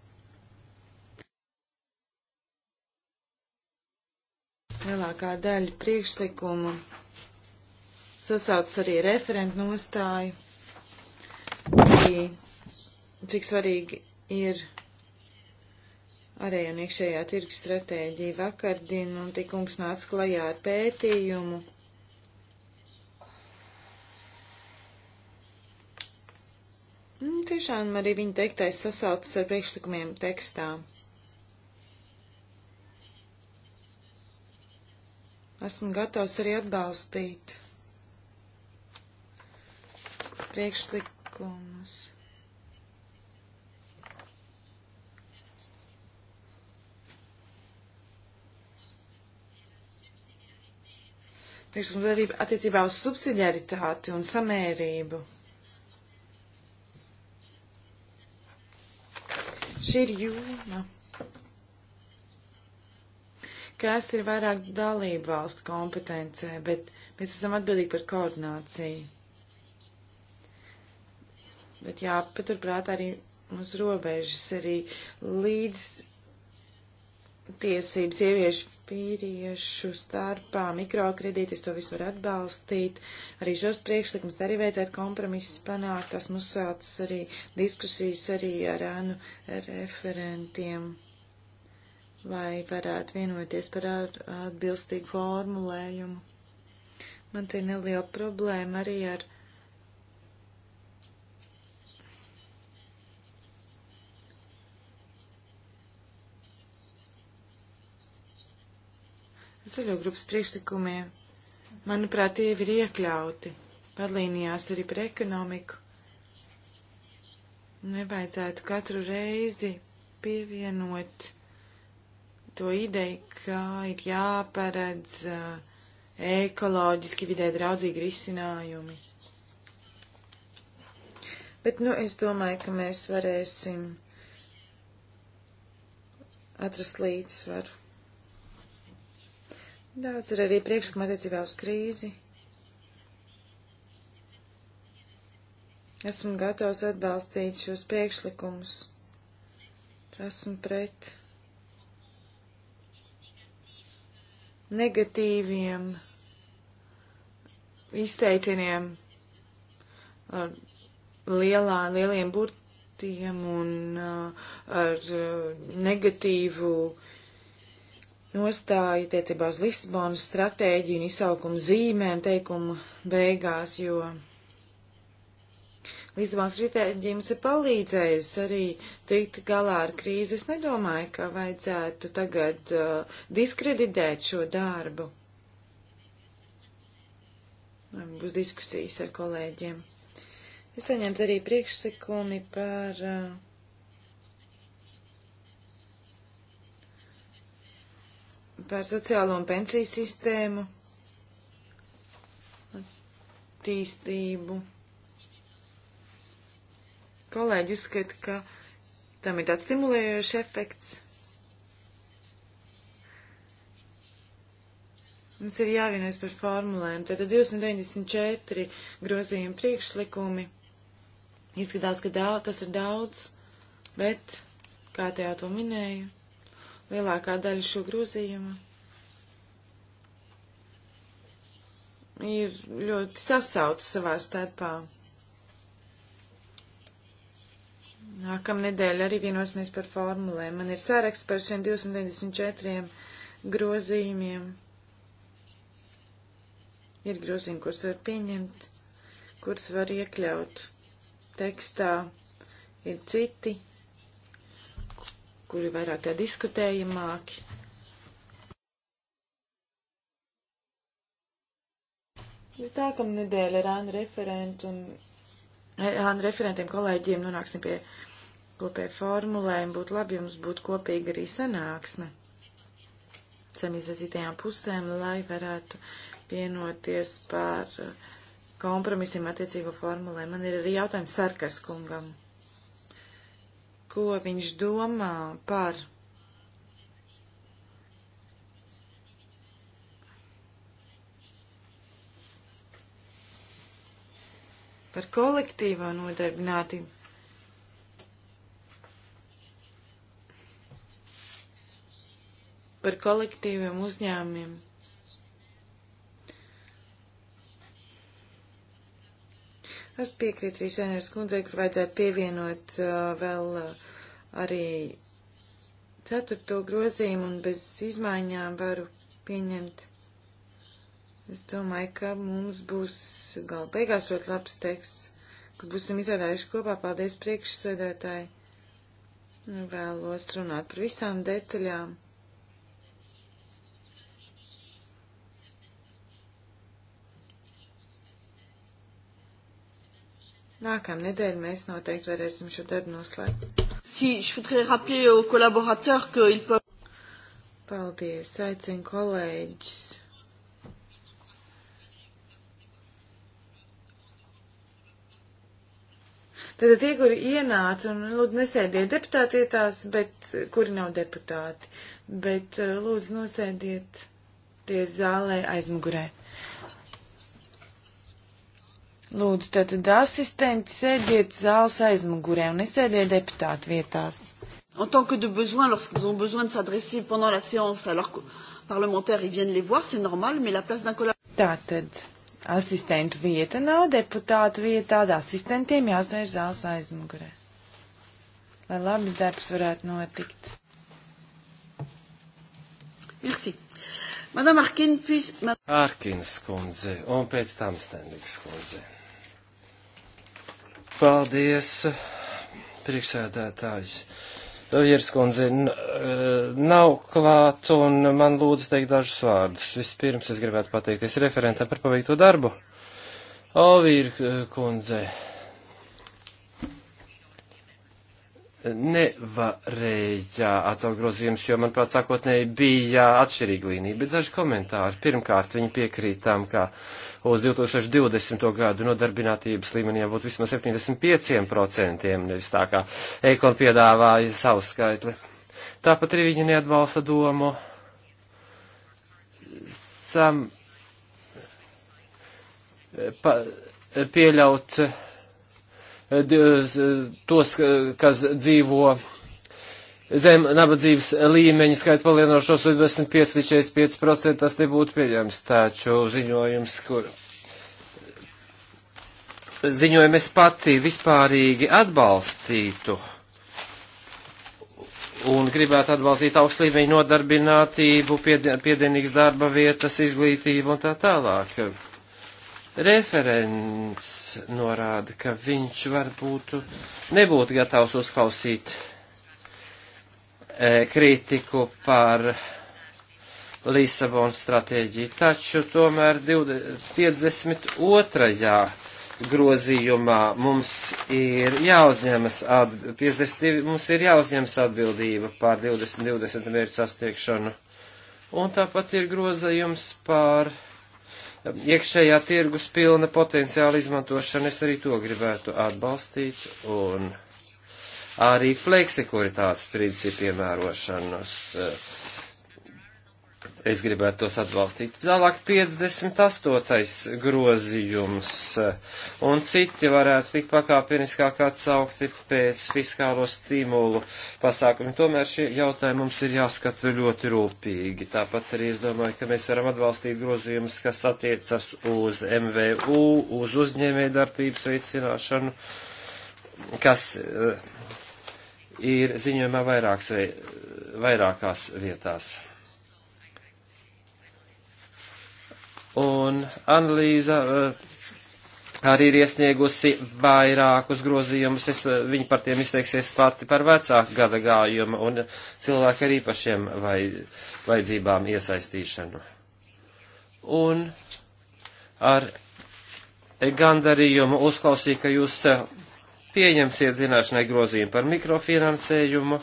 Lielākā daļa priekšlikumu sasaucas arī referentu nostāju, arī cik svarīgi ir arī un iekšējā tirgus stratēģija vakardien, un tik kungs nāca klajā ar pētījumu. Un, nu, tiešām arī viņa teiktais sasautas ar priekšlikumiem tekstā. Esmu gatavs arī atbalstīt priekšlikumus. priekšlikums arī attiecībā uz subsidiaritāti un samērību. Šī ir jūma, kas ir vairāk dalību valstu kompetencē, bet mēs esam atbildīgi par koordināciju. Bet jāpaturprāt arī mūsu robežas, arī līdz tiesības ieviešu vīriešu starpā mikrokredīti, es to visu varu atbalstīt. Arī šos priekšlikumus arī vajadzētu kompromisus panākt, tas mums sācis arī diskusijas arī ar ēnu referentiem, lai varētu vienoties par atbilstīgu formulējumu. Man te ir neliela problēma arī ar zaļo grupas priekšlikumiem, manuprāt, tie ir iekļauti padlīnijās arī par ekonomiku. Nevajadzētu katru reizi pievienot to ideju, ka ir jāparedz uh, ekoloģiski vidē draudzīgi risinājumi. Bet, nu, es domāju, ka mēs varēsim atrast līdzsvaru. Daudz ir arī priekšlikuma attiecībā uz krīzi. Esmu gatavs atbalstīt šos priekšlikumus. Esmu pret negatīviem izteicieniem ar lielā, lieliem burtiem un uh, ar uh, negatīvu uh, nostāju tiecībā uz Lisabonas stratēģiju un izsaukumu zīmēm teikumu beigās, jo Lisabonas stratēģija mums ir palīdzējusi arī tikt galā ar krīzi. Es nedomāju, ka vajadzētu tagad uh, diskreditēt šo darbu. Būs diskusijas ar kolēģiem. Es saņemtu arī priekšlikumi par uh, par sociālo un pensiju sistēmu, attīstību. Kolēģi uzskata, ka tam ir tāds stimulējošs efekts. Mums ir jāvienojas par formulēm. Tātad 294 grozījuma priekšlikumi. Izskatās, ka daudz, tas ir daudz, bet, kā te jau to minēju, lielākā daļa šo grozījumu ir ļoti sasauta savā starpā. Nākamnedēļ arī vienosimies par formulēm. Man ir saraksts par šiem 294 grozījumiem. Ir grozījumi, kurus var pieņemt, kurus var iekļaut tekstā. Ir citi, kuri vairāk tā diskutējamāki. Bet tā, kam nedēļa ar Ānu referentu un Ānu eh, referentiem kolēģiem nonāksim pie kopēja formulējuma, būtu labi, ja mums būtu kopīga arī sanāksme samizazītajām pusēm, lai varētu vienoties par eh, kompromisiem attiecīgo formulē. Man ir arī jautājums Sarkas kungam ko viņš domā par par kolektīvā nodarbinātību. Par kolektīviem uzņēmumiem. Es piekrītu Rīsēnēras kundzei, ka vajadzētu pievienot uh, vēl uh, arī ceturto grozījumu un bez izmaiņām varu pieņemt. Es domāju, ka mums būs gala beigās ļoti labs teksts, ka būsim izrādājuši kopā. Paldies priekšsēdētāji! Nu, vēlos runāt par visām detaļām. Nākamā nedēļa mēs noteikti varēsim šo darbu noslēgt. Si, je voudrais rappeler aux collaborateurs qu'ils peuvent. Paldies, aicinu kolēģis. Tātad tie, kuri ienāca un lūdzu nesēdiet deputāti vietās, bet kuri nav deputāti, bet lūdzu nosēdiet tie zālē aizmugurē. Lūdzu, tātad asistenti sēdiet zāles aizmugurē un nesēdiet deputātu vietās. En tant que de besoin, lorsqu'ils ont besoin de s'adresser pendant la séance à leurs parlementaires, ils viennent les voir, c'est normal, mais la place d'un collaborateur. Tātad, asistentu vieta nav deputātu vietā, asistentiem jāsēž zāles aizmugurē. Lai labi darbs varētu notikt. Merci. Madame Harkin, puis... Harkins kundze un pēc tam Stendīgs kundze. Paldies, priekšsēdētājs. Vierskundze eh, nav klāt un man lūdzu teikt dažus vārdus. Vispirms es gribētu pateikties referentam par paveikto darbu. Alvīra eh, kundze nevarēja atcelt grozījumus, jo, manuprāt, sākotnēji bija atšķirīga līnija, bet daži komentāri. Pirmkārt, viņi piekrīt tam, ka uz 2020. gadu nodarbinātības līmenī būtu vismaz 75%, nevis tā kā Ekon piedāvāja savu skaitli. Tāpat arī viņi neatbalsta domu sam, pa, pieļaut tos, kas dzīvo zem nabadzības līmeņa skaita palielinošos 25 līdz 45%, tas nebūtu pieļams. Taču ziņojums, kur. Ziņojumu es pati vispārīgi atbalstītu un gribētu atbalstīt augstu līmeņu nodarbinātību, piedienīgas darba vietas, izglītību un tā tālāk Referents norāda, ka viņš varbūt nebūtu gatavs uzklausīt e, kritiku par Lisabonas stratēģiju, taču tomēr 52 grozījumā mums ir jāuzņemas, atb 52, mums ir jāuzņemas atbildība pār 2020 mērķu sasniegšanu. Un tāpat ir grozījums pār iekšējā tirgus pilna potenciāla izmantošana, es arī to gribētu atbalstīt, un arī fleksikuritātes principu piemērošanas. Uh, Es gribētu tos atbalstīt. Tālāk 58. grozījums un citi varētu tikt pakāpeniskāk atsaukti pēc fiskālo stimulu pasākumu. Tomēr šie jautājumi mums ir jāskata ļoti rūpīgi. Tāpat arī es domāju, ka mēs varam atbalstīt grozījumus, kas attiecas uz MVU, uz uzņēmējdarbības veicināšanu, kas uh, ir ziņojumā vairākas, vairākās vietās. Un Anlīza eh, arī ir iesniegusi vairākus grozījumus. Es eh, viņu par tiem izteiksies pati par vecāku gada gājumu un cilvēku ar īpašiem vai, vajadzībām iesaistīšanu. Un ar gandarījumu uzklausīju, ka jūs eh, pieņemsiet zināšanai grozījumu par mikrofinansējumu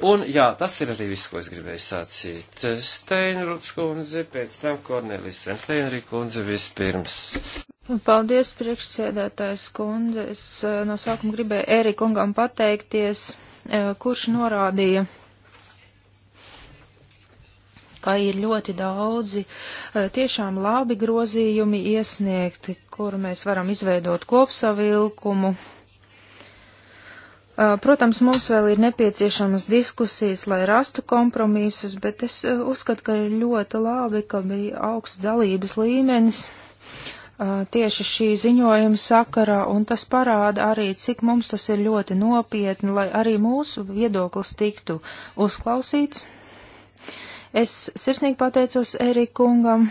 Un jā, tas ir arī viss, ko es gribēju sacīt. Steinrups kundze, pēc tam Kornelisen Steinri kundze vispirms. Paldies, priekšsēdētājs kundze. Es eh, no sākuma gribēju Ērikungam pateikties, eh, kurš norādīja, ka ir ļoti daudzi eh, tiešām labi grozījumi iesniegti, kuru mēs varam izveidot kopsavilkumu Protams, mums vēl ir nepieciešamas diskusijas, lai rastu kompromisus, bet es uzskatu, ka ir ļoti labi, ka bija augsts dalības līmenis tieši šī ziņojuma sakarā, un tas parāda arī, cik mums tas ir ļoti nopietni, lai arī mūsu viedoklis tiktu uzklausīts. Es sirsnīgi pateicos Erikungam. kungam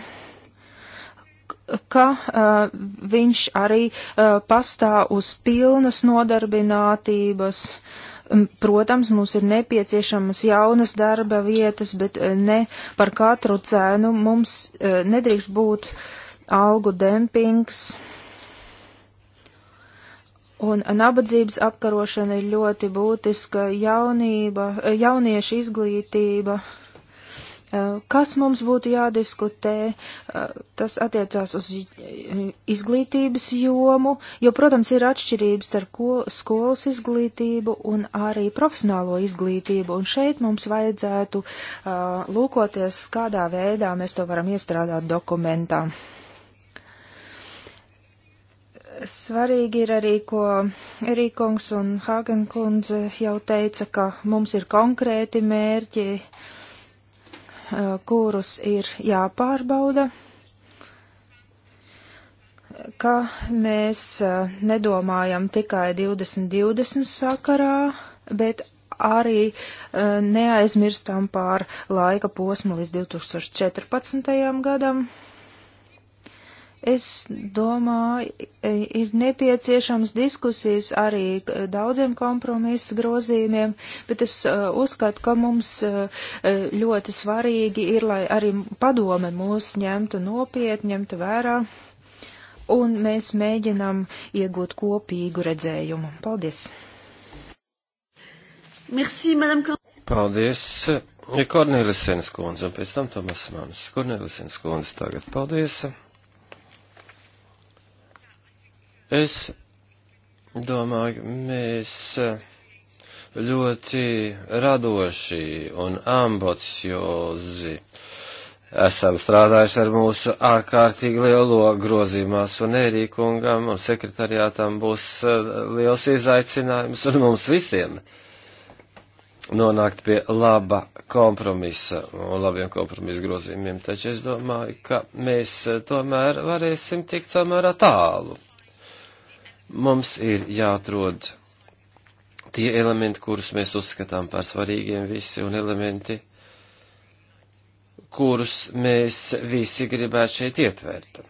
ka uh, viņš arī uh, pastāv uz pilnas nodarbinātības. Protams, mums ir nepieciešamas jaunas darba vietas, bet uh, ne par katru cenu mums uh, nedrīkst būt algu dempings. Un nabadzības apkarošana ir ļoti būtiska, jaunība, jauniešu izglītība. Uh, Eh, kas mums būtu jādiskutē? Eh, tas attiecās uz izglītības jomu, jo, protams, ir atšķirības starp skolas izglītību un arī profesionālo izglītību, un šeit mums vajadzētu eh, lūkoties, kādā veidā mēs to varam iestrādāt dokumentā. Svarīgi ir arī, ko Erīkungs un Hāgenkundze jau teica, ka mums ir konkrēti mērķi, uh, Eh, kurus ir jāpārbauda, ka mēs eh, nedomājam tikai 2020 sakarā, bet arī eh, neaizmirstam pār laika posmu līdz 2014. gadam. Es domāju, e, ir nepieciešams diskusijas arī daudziem kompromisu grozījumiem, bet es uh, uzskatu, ka mums uh, ļoti svarīgi ir, lai arī padome mūs ņemtu nopietni, ņemtu vērā, un mēs mēģinam iegūt kopīgu redzējumu. Paldies! Merci, madame. Paldies, Kornelisens kundze, un pēc tam Tomas Mans. Kornelisens kundze tagad. Paldies! Es domāju, mēs eh, ļoti radoši un ambiciozi esam strādājuši ar mūsu ārkārtīgi lielo grozījumās, un ērīkungam un sekretariātam būs eh, liels izaicinājums, un mums visiem nonākt pie laba kompromisa un labiem kompromisa grozījumiem, taču es domāju, ka mēs eh, tomēr varēsim tikt samērā tālu Mums ir jāatrod tie elementi, kurus mēs uzskatām par svarīgiem visi un elementi, kurus mēs visi gribētu šeit ietvert.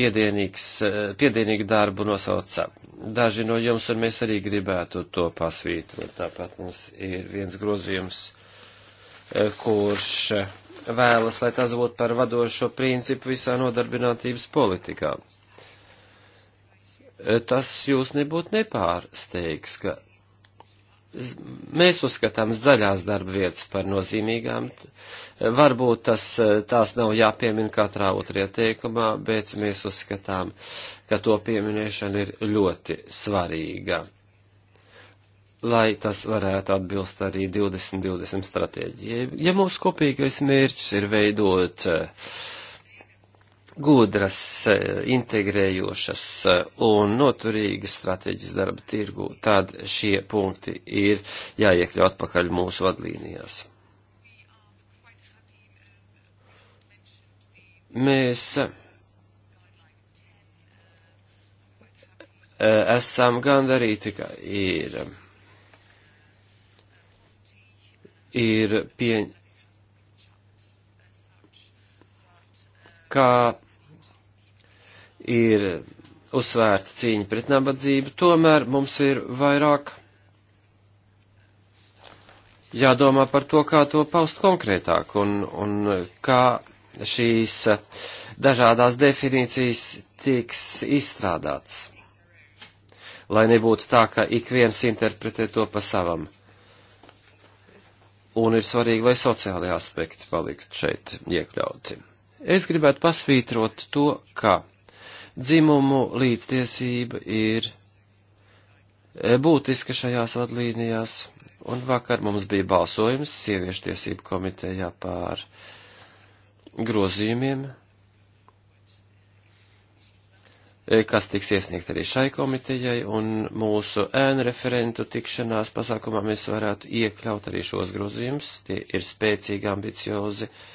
Piedienīgu darbu nosauca daži no jums, un mēs arī gribētu to pasvītrot. Tāpat mums ir viens grozījums, eh, kurš eh, vēlas, lai tas būtu par vadošo principu visā nodarbinātības politikā tas jūs nebūtu nepārsteigs, ka mēs uzskatām zaļās darba vietas par nozīmīgām. Varbūt tas, tās nav jāpiemina katrā otrajā teikumā, bet mēs uzskatām, ka to pieminēšana ir ļoti svarīga, lai tas varētu atbilst arī 2020 stratēģijai. Ja mūsu kopīgais mērķis ir veidot uh, gudras, e, integrējošas e, un noturīgas strateģiskas darba tirgu, tad šie punkti ir jāiekļaut atpakaļ mūsu vadlīnijās. Mēs e, esam gandarīti, ka ir, ir pieņemta kā ir uzsvērta cīņa pret nabadzību, tomēr mums ir vairāk jādomā par to, kā to paust konkrētāk un, un kā šīs eh, dažādās definīcijas tiks izstrādāts. Lai nebūtu tā, ka ik viens interpretē to pa savam. Un ir svarīgi, lai sociālajie aspekti paliktu šeit iekļauti. Es gribētu pasvītrot to, ka dzimumu līdztiesība ir e, būtiska šajās vadlīnijās. Un vakar mums bija balsojums sieviešu tiesību komitejā pār grozījumiem, e, kas tiks iesniegt arī šai komitejai, un mūsu ēnu referentu tikšanās pasākumā mēs varētu iekļaut arī šos grozījumus. Tie ir spēcīgi, ambiciozi. Uh,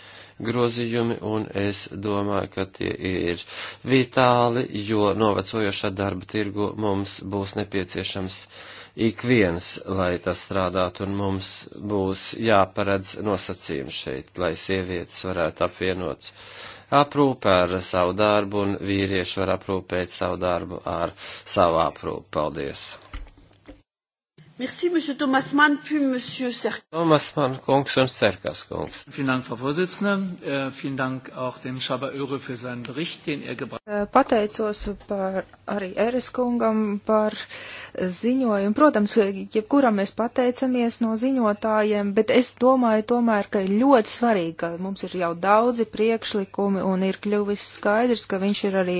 grozījumi, un es domāju, ka tie ir vitāli, jo novecojošā darba tirgu mums būs nepieciešams ik viens, lai tas strādātu, un mums būs jāparedz nosacījumi šeit, lai sievietes varētu apvienot aprūpē ar savu darbu, un vīrieši var aprūpēt savu darbu ar savu aprūpu. Paldies! Merci, monsieur Thomas Mann, puis monsieur Serkas. Thomas Mann, kungs un Serkas, kungs. Vielen Dank, Frau Vorsitzende. Äh, vielen Dank auch dem Schaber Öre für seinen Bericht, den er gebracht hat. Äh, pateicos par arī Eres kungam par äh, ziņojumu. Protams, jebkuram mēs pateicamies no ziņotājiem, bet es domāju tomēr, ka ir ļoti svarīgi, ka mums ir jau daudzi priekšlikumi un ir kļuvis skaidrs, ka viņš ir arī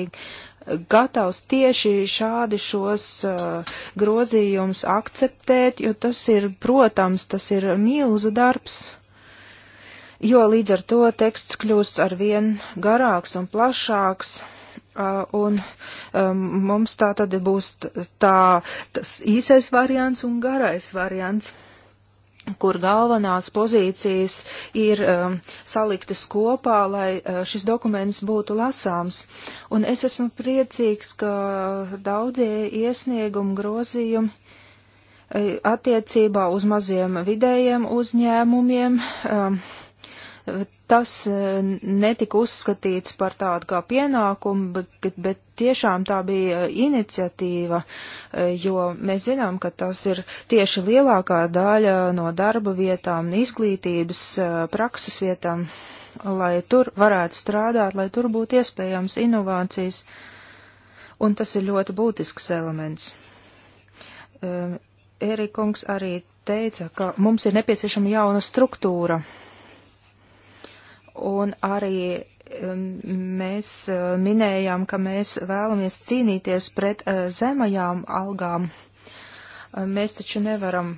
gatavs tieši šādi šos uh, grozījumus akceptēt, jo tas ir, protams, tas ir milzu darbs, jo līdz ar to teksts kļūst arvien garāks un plašāks. Uh, un um, mums tā tad būs tā, tas īsais variants un garais variants kur galvenās pozīcijas ir um, saliktas kopā, lai uh, šis dokuments būtu lasāms. Un es esmu priecīgs, ka daudzie iesniegumi grozījumi uh, attiecībā uz maziem vidējiem uzņēmumiem um, tas e, netika uzskatīts par tādu kā pienākumu, bet, bet tiešām tā bija e, iniciatīva, e, jo mēs zinām, ka tas ir tieši lielākā daļa no darba vietām, izglītības prakses vietām, lai tur varētu strādāt, lai tur būtu iespējams inovācijas, un tas ir ļoti būtisks elements. Erikungs arī teica, ka mums ir nepieciešama jauna struktūra un arī um, mēs uh, minējām, ka mēs vēlamies cīnīties pret uh, zemajām algām. Uh, mēs taču nevaram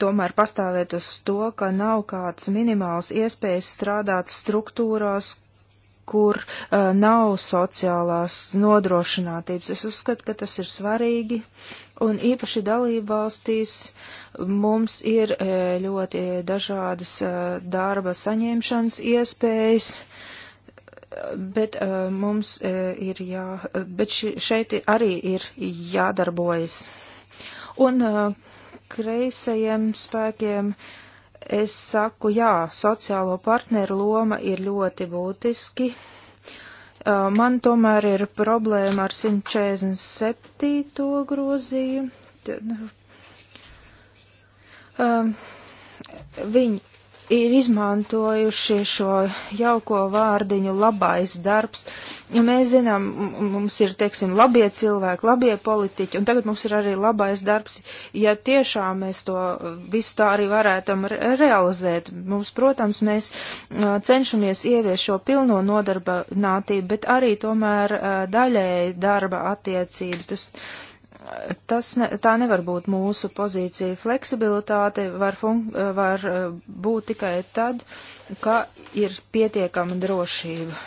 tomēr pastāvēt uz to, ka nav kāds minimāls iespējas strādāt struktūrās, kur uh, nav sociālās nodrošinātības. Es uzskatu, ka tas ir svarīgi, Un īpaši dalībvalstīs mums ir e, ļoti dažādas e, darba saņemšanas iespējas, bet e, mums ir jā, bet šeit arī ir jādarbojas. Un kreisajiem spēkiem es saku, jā, sociālo partneru loma ir ļoti būtiski Man tomēr ir problēma ar 147. grozīju. Nu, viņi ir izmantojuši šo jauko vārdiņu labais darbs. Ja mēs zinām, mums ir, teiksim, labie cilvēki, labie politiķi, un tagad mums ir arī labais darbs. Ja tiešām mēs to uh, visu tā arī varētam re realizēt, mums, protams, mēs uh, cenšamies ievies šo pilno nodarbinātību, bet arī tomēr uh, daļēji darba attiecības. Tas, tas ne, tā nevar būt mūsu pozīcija. Fleksibilitāte var, fun, var eh, būt tikai tad, ka ir pietiekama drošība.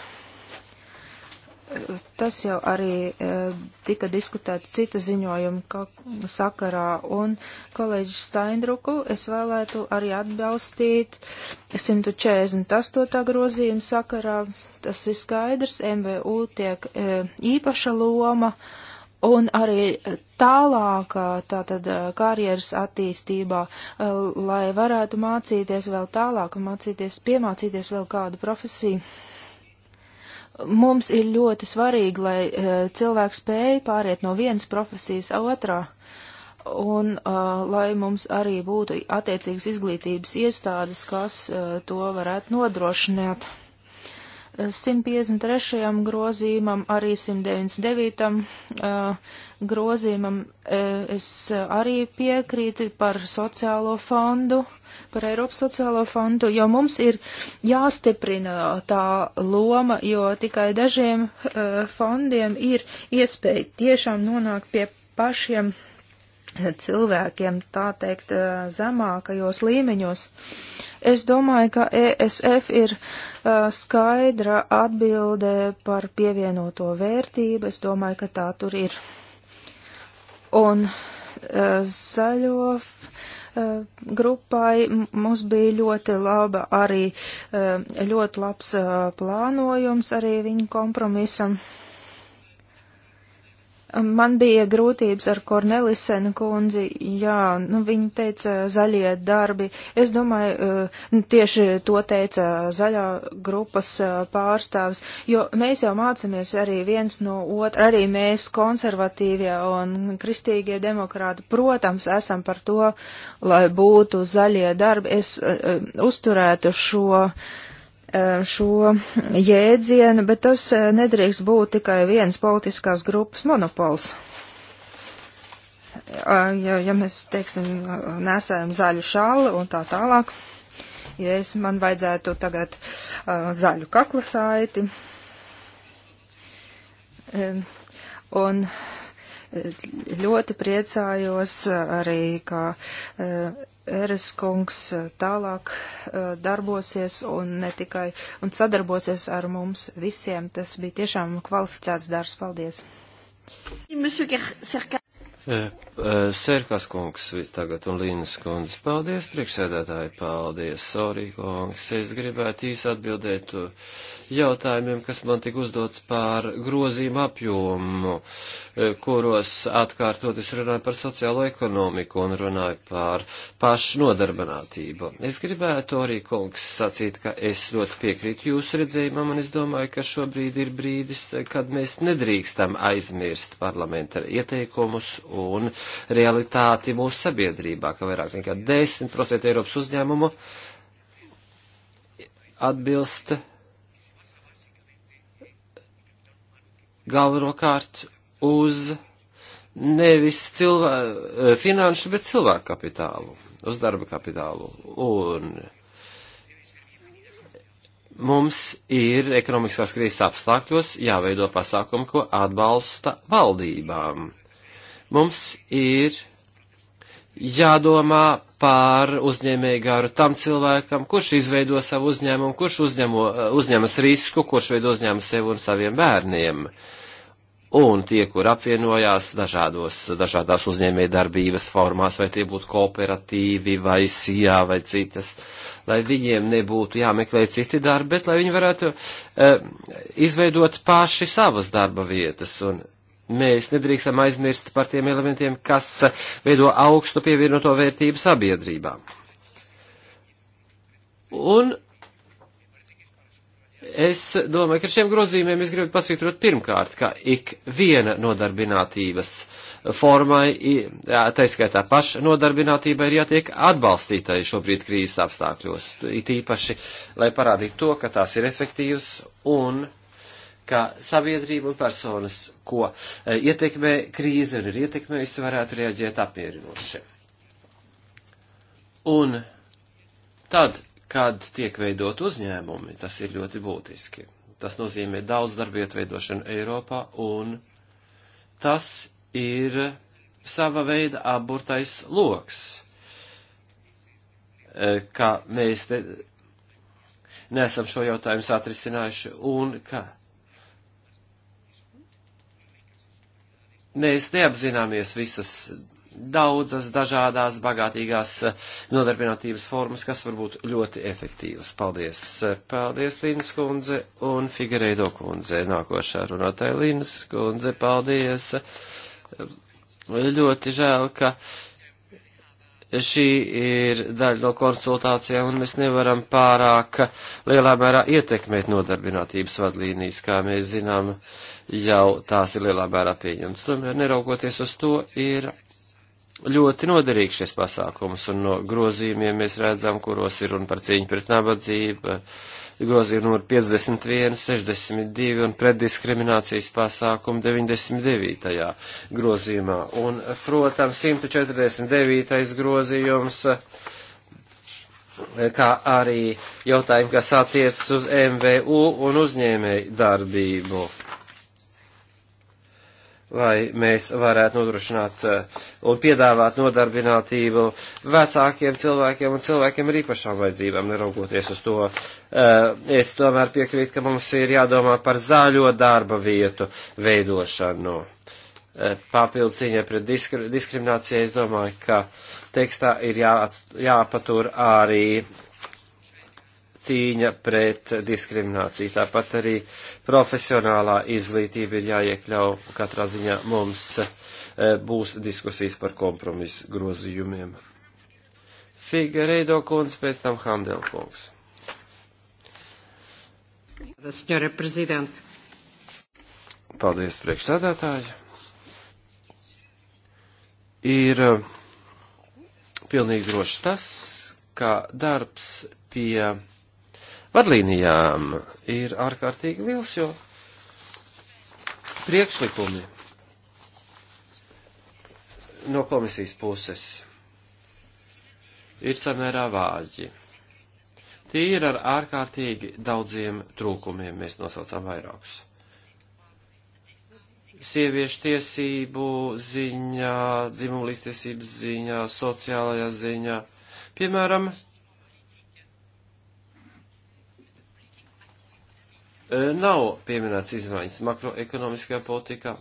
Tas jau arī eh, tika diskutēts cita ziņojuma sakarā, un kolēģis Steindruku es vēlētu arī atbalstīt 148. grozījuma sakarā. Tas ir skaidrs, MVU tiek eh, īpaša loma. Uh, Un arī tālāk, tātad karjeras attīstībā, lai varētu mācīties vēl tālāk un mācīties, piemācīties vēl kādu profesiju. Mums ir ļoti svarīgi, lai cilvēks spēja pāriet no vienas profesijas otrā, un lai mums arī būtu attiecīgas izglītības iestādes, kas to varētu nodrošināt. 153. grozījumam, arī 199. Eh, grozījumam eh, es arī piekrītu par sociālo fondu, par Eiropas sociālo fondu, jo mums ir jāstiprina tā loma, jo tikai dažiem eh, fondiem ir iespēja tiešām nonākt pie pašiem cilvēkiem, tā teikt, eh, zemākajos līmeņos. Es domāju, ka ESF ir eh, skaidra atbilde par pievienoto vērtību, es domāju, ka tā tur ir. Un eh, zaļo grupai mums bija ļoti laba arī, ļoti labs plānojums arī viņu kompromisam. Man bija grūtības ar Kornelisenu kundzi, jā, nu viņa teica zaļie darbi. Es domāju, eh, tieši to teica zaļā grupas eh, pārstāvs, jo mēs jau mācāmies arī viens no otra, arī mēs konservatīvie un kristīgie demokrāti, protams, esam par to, lai būtu zaļie darbi. Es eh, uzturētu šo. Uh, Eh, šo jēdzienu, bet tas eh, nedrīkst būt tikai viens politiskās grupas monopols. Ja, ja mēs, teiksim, nesējam zaļu šalli un tā tālāk, ja es man vajadzētu tagad zaļu kaklasaiti, un e, ļoti priecājos arī, ka e, Eres kungs eh, tālāk eh, darbosies un ne tikai un sadarbosies ar mums visiem. Tas bija tiešām kvalificēts darbs. Paldies! Uh, Sērkās kungs tagad un Līnas kundze. Paldies, priekšsēdētāji, paldies, sorry, kungs. Es gribētu īsi atbildēt jautājumiem, kas man tika uzdots pār grozījumu apjomu, uh, kuros atkārtot es runāju par sociālo ekonomiku un runāju pār pašu nodarbinātību. Es gribētu arī, kungs, sacīt, ka es ļoti piekrītu jūsu redzējumam un es domāju, ka šobrīd ir brīdis, kad mēs nedrīkstam aizmirst parlamenta ieteikumus un realitāti mūsu sabiedrībā, ka vairāk nekā 10% Eiropas uzņēmumu atbilst galvenokārt uz nevis cilvē, finanšu, bet cilvēku kapitālu, uz darba kapitālu. Un mums ir ekonomiskās krīzes apstākļos jāveido pasākumi, ko atbalsta valdībām. Mums ir jādomā par uzņēmēju garu tam cilvēkam, kurš izveido savu uzņēmumu, kurš uzņemo, eh, uzņemas risku, kurš veido uzņēmumu sev un saviem bērniem. Un tie, kur apvienojās dažādos, dažādās uzņēmēju darbības formās, vai tie būtu kooperatīvi, vai sijā, vai citas, lai viņiem nebūtu jāmeklē citi darbi, bet lai viņi varētu uh, izveidot paši savas darba vietas. Un mēs nedrīkstam aizmirst par tiem elementiem, kas veido augstu pievienoto vērtību sabiedrībā. Un es domāju, ka šiem grozījumiem es gribu pasvītrot pirmkārt, ka ik viena nodarbinātības formai, tā skaitā paša nodarbinātība ir jātiek atbalstītai šobrīd krīzes apstākļos, it īpaši, lai parādītu to, ka tās ir efektīvas un kā sabiedrība un personas, ko e, ietekmē krīze un ir ietekmējusi, varētu reaģēt apmierinoši. Un tad, kad tiek veidot uzņēmumi, tas ir ļoti būtiski. Tas nozīmē daudz darbietu veidošanu Eiropā, un tas ir sava veida aburtais loks, e, ka mēs te nesam šo jautājumu satrisinājuši, un ka Mēs neapzināmies visas daudzas dažādās bagātīgās nodarbinātības formas, kas var būt ļoti efektīvas. Paldies! Paldies, Līnas kundze un Figureido kundze. Nākošā runātāja Līnas kundze, paldies! Ļoti žēl, ka šī ir daļa no konsultācijām, un mēs nevaram pārāk lielā mērā ietekmēt nodarbinātības vadlīnijas, kā mēs zinām, jau tās ir lielā mērā pieņemtas. Tomēr, neraugoties uz to, ir ļoti noderīgs šis pasākums, un no grozījumiem mēs redzam, kuros ir runa par cīņu pret nabadzību, grozījumi numur 51, 62 un preddiskriminācijas pasākumu 99. grozījumā. Un, protams, 149. grozījums, kā arī jautājumi, kas attiecas uz MVU un uzņēmēju darbību lai mēs varētu nodrošināt eh, un piedāvāt nodarbinātību vecākiem cilvēkiem un cilvēkiem ar īpašām vajadzībām, neraugoties uz to. Eh, es tomēr piekrītu, ka mums ir jādomā par zaļo darba vietu veidošanu. Eh, Papildu cīņa pret diskri, diskrimināciju, es domāju, ka tekstā ir jā, jāpatur arī cīņa pret diskrimināciju. Tāpat arī profesionālā izglītība ir jāiekļau. Katrā ziņā mums eh, būs diskusijas par kompromisu grozījumiem. Figueiredo kundze, pēc tam Handel kungs. Paldies, priekšsādātāji. Ir eh, pilnīgi droši tas, ka darbs pie vadlīnijām ir ārkārtīgi liels, jo priekšlikumi no komisijas puses ir samērā vāji. Tie ir ar ārkārtīgi daudziem trūkumiem, mēs nosaucām vairākus. Sieviešu tiesību ziņā, dzimumlīstiesības ziņā, sociālajā ziņā. Piemēram, E, nav pieminēts izmaiņas makroekonomiskajā politikā.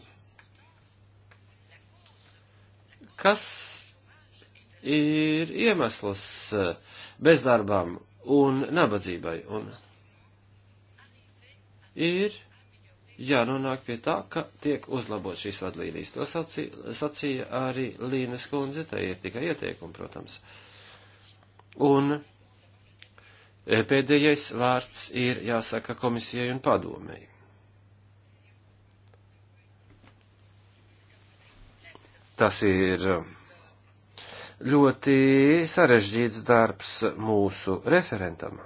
Kas ir iemesls e, bezdarbām un nabadzībai? Un ir jānonāk pie tā, ka tiek uzlabot šīs vadlīnijas. To sacīja, sacīja arī Līnes kundze, tai ir tikai ieteikumi, protams. Un E, pēdējais vārds ir jāsaka komisijai un padomēji. Tas ir ļoti sarežģīts darbs mūsu referentam.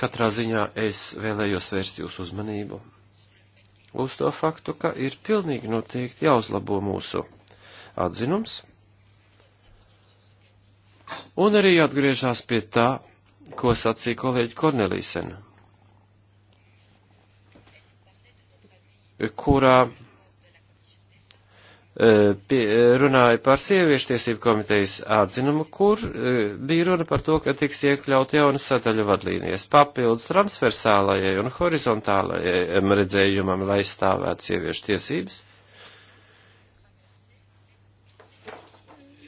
Katrā ziņā es vēlējos vērst jūsu uzmanību uz to faktu, ka ir pilnīgi noteikti jāuzlabo mūsu atzinums Un arī atgriežās pie tā, ko sacīja kolēģi Kornelīsena, kurā e, pie, runāja par sieviešu tiesību komitejas atzinumu, kur e, bija runa par to, ka tiks iekļaut jaunas sadaļu vadlīnijas papildus transversālajai un horizontālajai redzējumam, lai stāvētu sieviešu tiesības.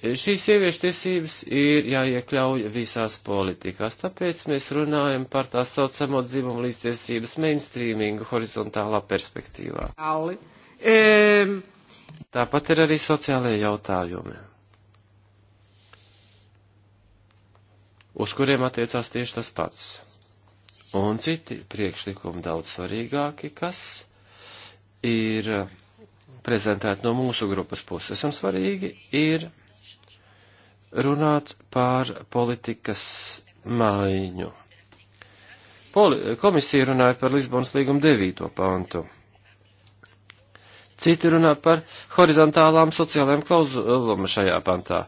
Šīs sieviešu tiesības ir jāiekļauj visās politikās, tāpēc mēs runājam par tā saucamo dzimumu līdztiesības mainstreamingu horizontālā perspektīvā. Ali. Um. Tāpat ir arī sociālajie jautājumi, uz kuriem attiecās tieši tas pats. Un citi priekšlikumi daudz svarīgāki, kas ir prezentēti no mūsu grupas puses, un svarīgi ir runāt par politikas maiņu. Poli komisija runāja par Lisbonas līgumu 9. pantu. Citi runā par horizontālām sociālajām klauzulām šajā pantā.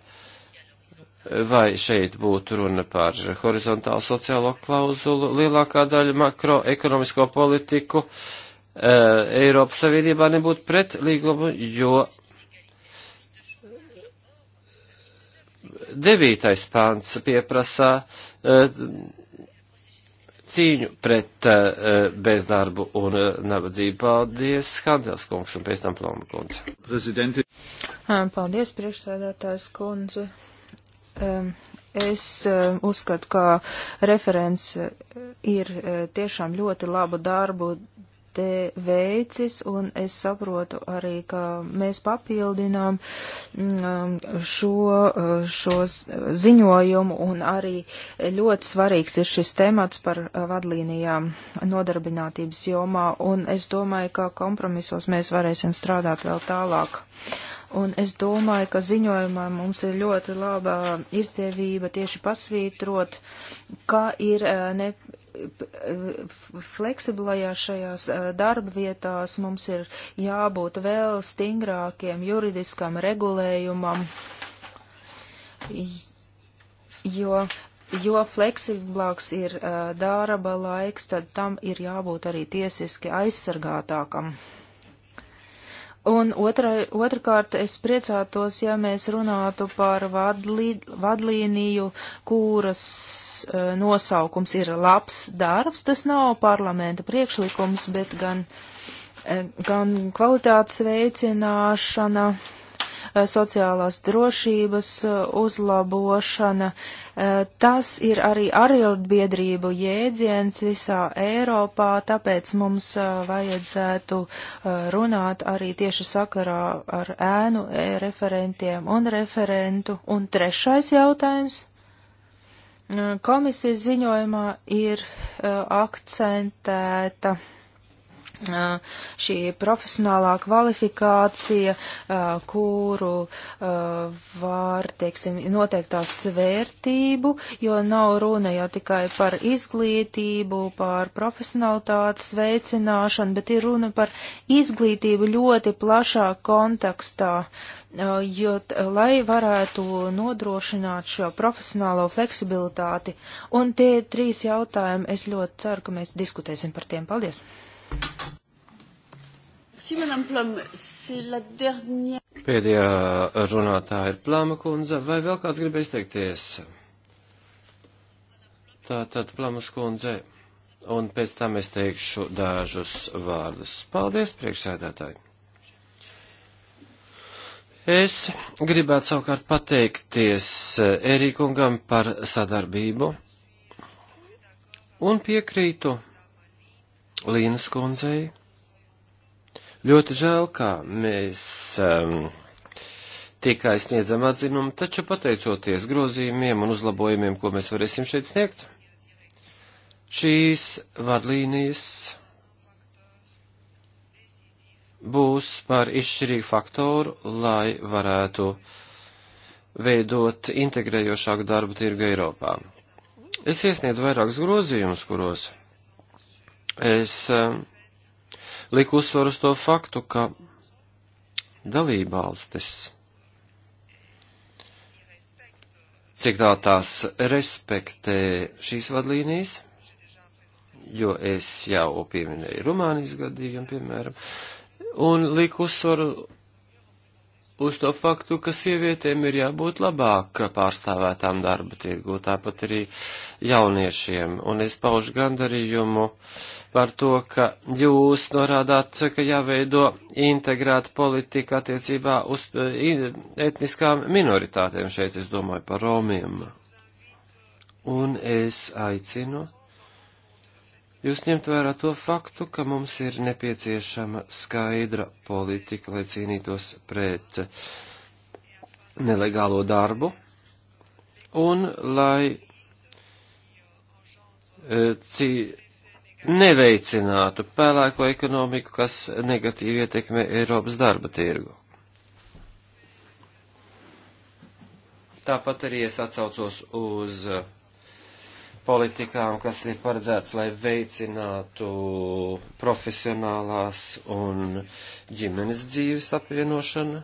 Vai šeit būtu runa par horizontālu sociālo klauzulu? Lielākā daļa makroekonomisko politiku e, Eiropas Savienībā nebūtu pret līgumu, jo Devītais pāns pieprasā eh, cīņu pret eh, bezdarbu un eh, nabadzību. Paldies, Handels kungs, un pēc tam Ploma kundze. Prezidenti. Ah, paldies, priekšsēdētājs kundze. Es uzskatu, ka referents ir tiešām ļoti labu darbu te veicis, un es saprotu arī, ka mēs papildinām mm, šo, šo ziņojumu, un arī ļoti svarīgs ir šis temats par vadlīnijām nodarbinātības jomā, un es domāju, ka kompromisos mēs varēsim strādāt vēl tālāk. Un es domāju, ka ziņojumā mums ir ļoti labā izdevība tieši pasvītrot, kā ir eh, ne, eh, fleksibilajās šajās eh, darba vietās mums ir jābūt vēl stingrākiem juridiskam regulējumam, jo jo fleksiblāks ir uh, darba laiks, tad tam ir jābūt arī tiesiski aizsargātākam. Un otra, otrkārt, es priecātos, ja mēs runātu par vadlī, vadlīniju, kuras uh, nosaukums ir labs darbs. Tas nav parlamenta priekšlikums, bet gan, e, gan kvalitātes veicināšana. Uh, Eh, sociālās drošības eh, uzlabošana. Eh, tas ir arī arotbiedrību jēdziens visā Eiropā, tāpēc mums vajadzētu runāt arī tieši sakarā ar ēnu referentiem un referentu. Un trešais jautājums. Komisijas ziņojumā ir akcentēta uh, šī profesionālā kvalifikācija, kuru var, teiksim, noteiktās vērtību, jo nav runa jau tikai par izglītību, par profesionalitātes veicināšanu, bet ir runa par izglītību ļoti plašā kontekstā, jo, lai varētu nodrošināt šo profesionālo fleksibilitāti. Un tie trīs jautājumi, es ļoti ceru, ka mēs diskutēsim par tiem. Paldies! Pēdējā runātāja ir Plāma kundze. Vai vēl kāds grib izteikties? Tātad Plāmas kundze. Un pēc tam es teikšu dažus vārdus. Paldies, priekšsēdētāji! Es gribētu savukārt pateikties eh, Erikungam par sadarbību un piekrītu Līnas kundzei. Ļoti žēl, kā mēs um, tikai sniedzam atzinumu, taču pateicoties grozījumiem un uzlabojumiem, ko mēs varēsim šeit sniegt, šīs vadlīnijas būs par izšķirīgu faktoru, lai varētu veidot integrējošāku darbu tirgu Eiropā. Es iesniedzu vairākus grozījumus, kuros es e, liku uzsvaru uz to faktu, ka dalībvalstis, cik tā tās respektē šīs vadlīnijas, jo es jau pieminēju Rumānijas gadījumu, piemēram, un liku uzsvaru uz to faktu, ka sievietēm ir jābūt labāk pārstāvētām darba tirgu, tāpat arī jauniešiem. Un es paužu gandarījumu par to, ka jūs norādāt, ka jāveido integrēta politika attiecībā uz eh, etniskām minoritātēm. Šeit es domāju par romiem. Un es aicinu Jūs ņemt vērā to faktu, ka mums ir nepieciešama skaidra politika, lai cīnītos pret nelegālo darbu un lai e, cī, neveicinātu pēlēko ekonomiku, kas negatīvi ietekmē Eiropas darba tirgu. Tāpat arī es atcaucos uz uh, politikām, kas ir paredzēts, lai veicinātu profesionālās un ģimenes dzīves apvienošanu.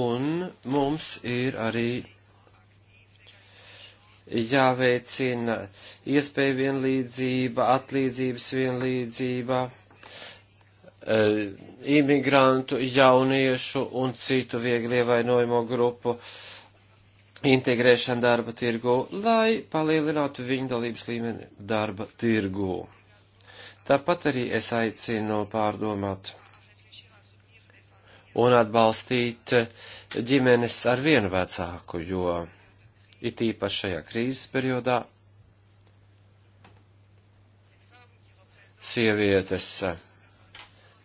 Un mums ir arī jāveicina iespēja vienlīdzība, atlīdzības vienlīdzība eh, imigrantu, jauniešu un citu viegli ievainojamo grupu integrēšanu darba tirgu, lai palielinātu viņu dalības līmeni darba tirgu. Tāpat arī es aicinu pārdomāt un atbalstīt ģimenes ar vienu vecāku, jo it īpaši šajā krīzes periodā sievietes,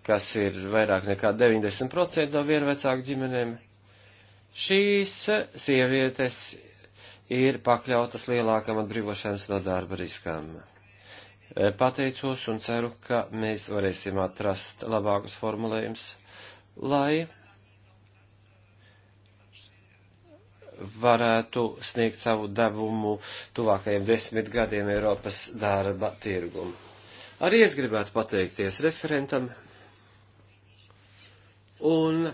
kas ir vairāk nekā 90% no vienvecāku ģimenēm, Šīs sievietes ir pakļautas lielākam atbrīvošanas no darba riskam. E, Pateicos un ceru, ka mēs varēsim atrast labākus formulējumus, lai varētu sniegt savu devumu tuvākajiem desmit gadiem Eiropas darba tirgumu. Arī es gribētu pateikties referentam un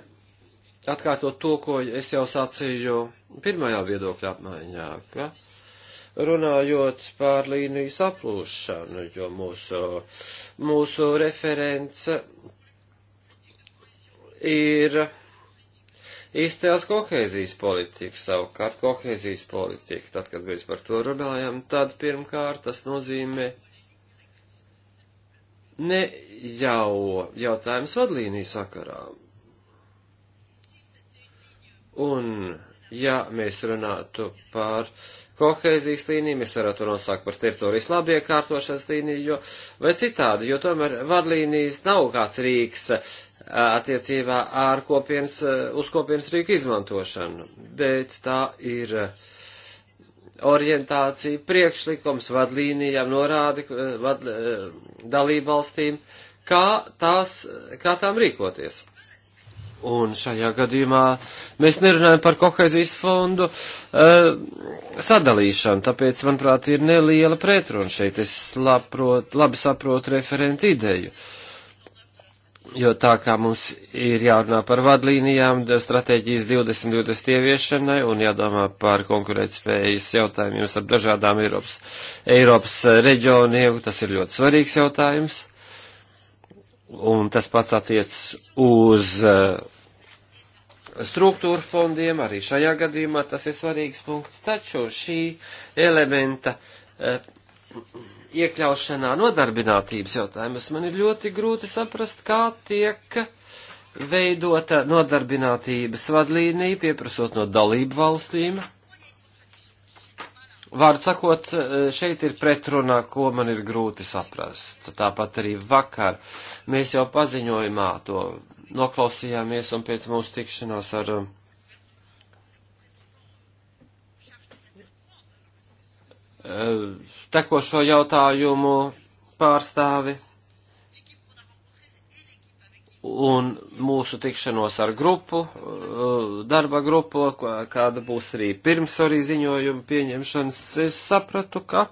atkārtot to, ko es jau sacīju pirmajā viedokļa apmaiņā, ka runājot par līniju saplūšanu, jo mūsu, mūsu reference ir izcēls kohēzijas politika, savukārt kohēzijas politika, tad, kad mēs par to runājam, tad pirmkārt tas nozīmē ne jau jautājums vadlīniju sakarām Un, ja mēs runātu par kohēzijas līniju, mēs varētu nosākt par teritorijas labiekārtošanas līniju, jo, vai citādi, jo tomēr vadlīnijas nav kāds rīks attiecībā ar kopienas, uz kopienas rīku izmantošanu, bet tā ir orientācija, priekšlikums vadlīnijām norādi vad, dalībvalstīm, kā, tās, kā tām rīkoties. Un šajā gadījumā mēs nerunājam par kohēzijas fondu uh, sadalīšanu, tāpēc, manuprāt, ir neliela pretruna šeit. Es labprot, labi saprotu referentu ideju. Jo tā kā mums ir jārunā par vadlīnijām, stratēģijas 2020 ieviešanai un jādomā par konkurētspējas jautājumiem starp dažādām Eiropas, Eiropas reģioniem, tas ir ļoti svarīgs jautājums. Uh, Un tas pats attiec uz eh, struktūru fondiem, arī šajā gadījumā tas ir svarīgs punkts, taču šī elementa eh, iekļaušanā nodarbinātības jautājumus man ir ļoti grūti saprast, kā tiek veidota nodarbinātības vadlīnija, pieprasot no dalību valstīm Vārdu sakot, eh, šeit ir pretrunā, ko man ir grūti saprast. Tāpat arī vakar mēs jau paziņojumā to noklausījāmies un pēc mūsu tikšanās ar. Eh, tekošo jautājumu pārstāvi un mūsu tikšanos ar grupu, eh, darba grupu, kāda būs arī pirms arī ziņojuma pieņemšanas, es sapratu, ka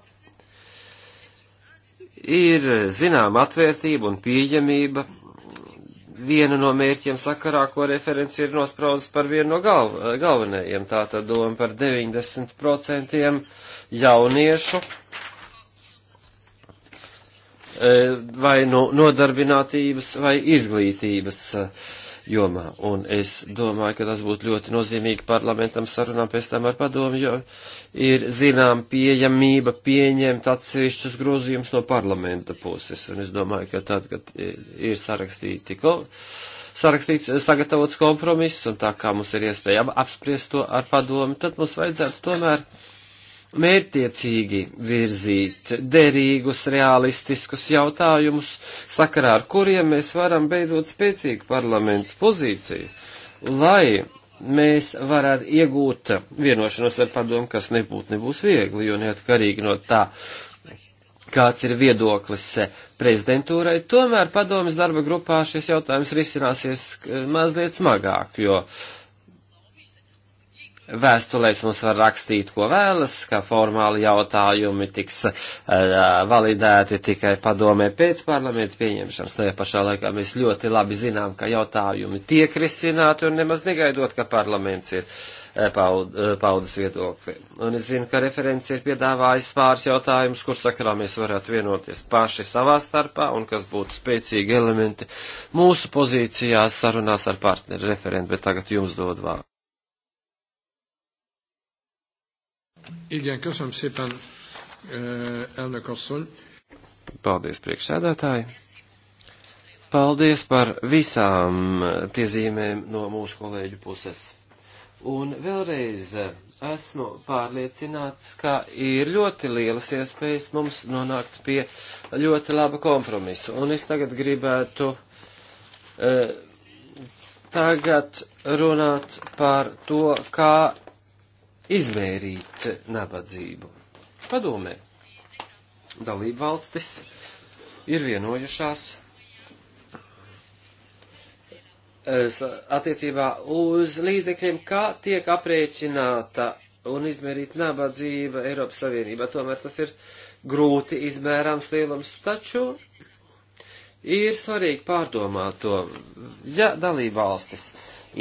ir zinām atvērtība un pieņemība viena no mērķiem sakarā, ko referents ir nospraudis par vienu no galv galvenajiem, tātad doma par 90% jauniešu E, vai no nu nodarbinātības vai izglītības e, jomā. Un es domāju, ka tas būtu ļoti nozīmīgi parlamentam sarunām pēc tam ar padomu, jo ir zinām pieejamība pieņemt atsevišķus grozījumus no parlamenta puses. Un es domāju, ka tad, kad ir sarakstīti sarakstīts, sagatavots kompromiss, un tā kā mums ir iespēja apspriest to ar padomu, tad mums vajadzētu tomēr mērtiecīgi virzīt derīgus, realistiskus jautājumus, sakarā ar kuriem mēs varam beidot spēcīgu parlamentu pozīciju, lai mēs varētu iegūt vienošanos ar padomu, kas nebūtu nebūs viegli, jo neatkarīgi no tā, kāds ir viedoklis prezidentūrai, tomēr padomas darba grupā šis jautājums risināsies eh, mazliet smagāk, jo uh, vēstulēs mums var rakstīt, ko vēlas, ka formāli jautājumi tiks uh, validēti tikai padomē pēc parlamenta pieņemšanas. Tajā pašā laikā mēs ļoti labi zinām, ka jautājumi tiek risināti un nemaz negaidot, ka parlaments ir uh, paud, uh, paudas viedokli. Un es zinu, ka referents ir piedāvājis pāris jautājumus, kur sakarā mēs varētu vienoties paši savā starpā un kas būtu spēcīgi elementi mūsu pozīcijās sarunās ar partneri referentu, bet tagad jums dod vārdu. Igen, köszönöm szépen, eh, elnök asszony. Paldies, priekšsēdētāji. Paldies par visām piezīmēm no mūsu kolēģu puses. Un vēlreiz eh, esmu pārliecināts, ka ir ļoti lielas iespējas mums nonākt pie ļoti laba kompromisa. Un es tagad gribētu eh, tagad runāt par to, kā izmērīt nabadzību. Padomē, dalību valstis ir vienojušās eh, attiecībā uz līdzekļiem, kā tiek aprēķināta un izmērīt nabadzība Eiropas Savienībā. Tomēr tas ir grūti izmērāms lielums, taču ir svarīgi pārdomāt to, ja dalība valstis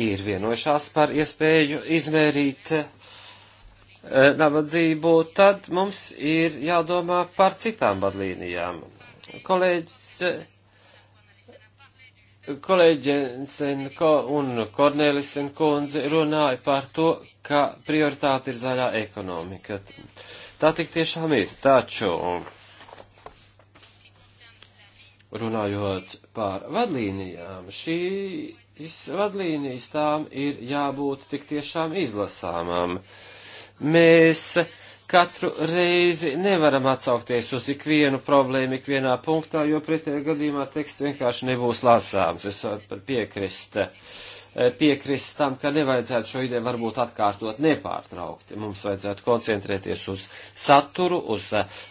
ir vienošās par iespēju izmērīt uh, E, nabadzību, tad mums ir jādomā par citām vadlīnijām. Kolēģis e, kolēģensen ko un Kornelisen kundze runāja par to, ka prioritāte ir zaļā ekonomika. Tā tik tiešām ir. Taču, runājot par vadlīnijām, šīs vadlīnijas tām ir jābūt tik tiešām izlasāmām. Uh, Mēs katru reizi nevaram atsaukties uz ikvienu problēmu, ikvienā punktā, jo pretējā gadījumā teksts vienkārši nebūs lasāms. Es varu piekrist, eh, piekrist tam, ka nevajadzētu šo ideju varbūt atkārtot nepārtraukti. Mums vajadzētu koncentrēties uz saturu, uz eh,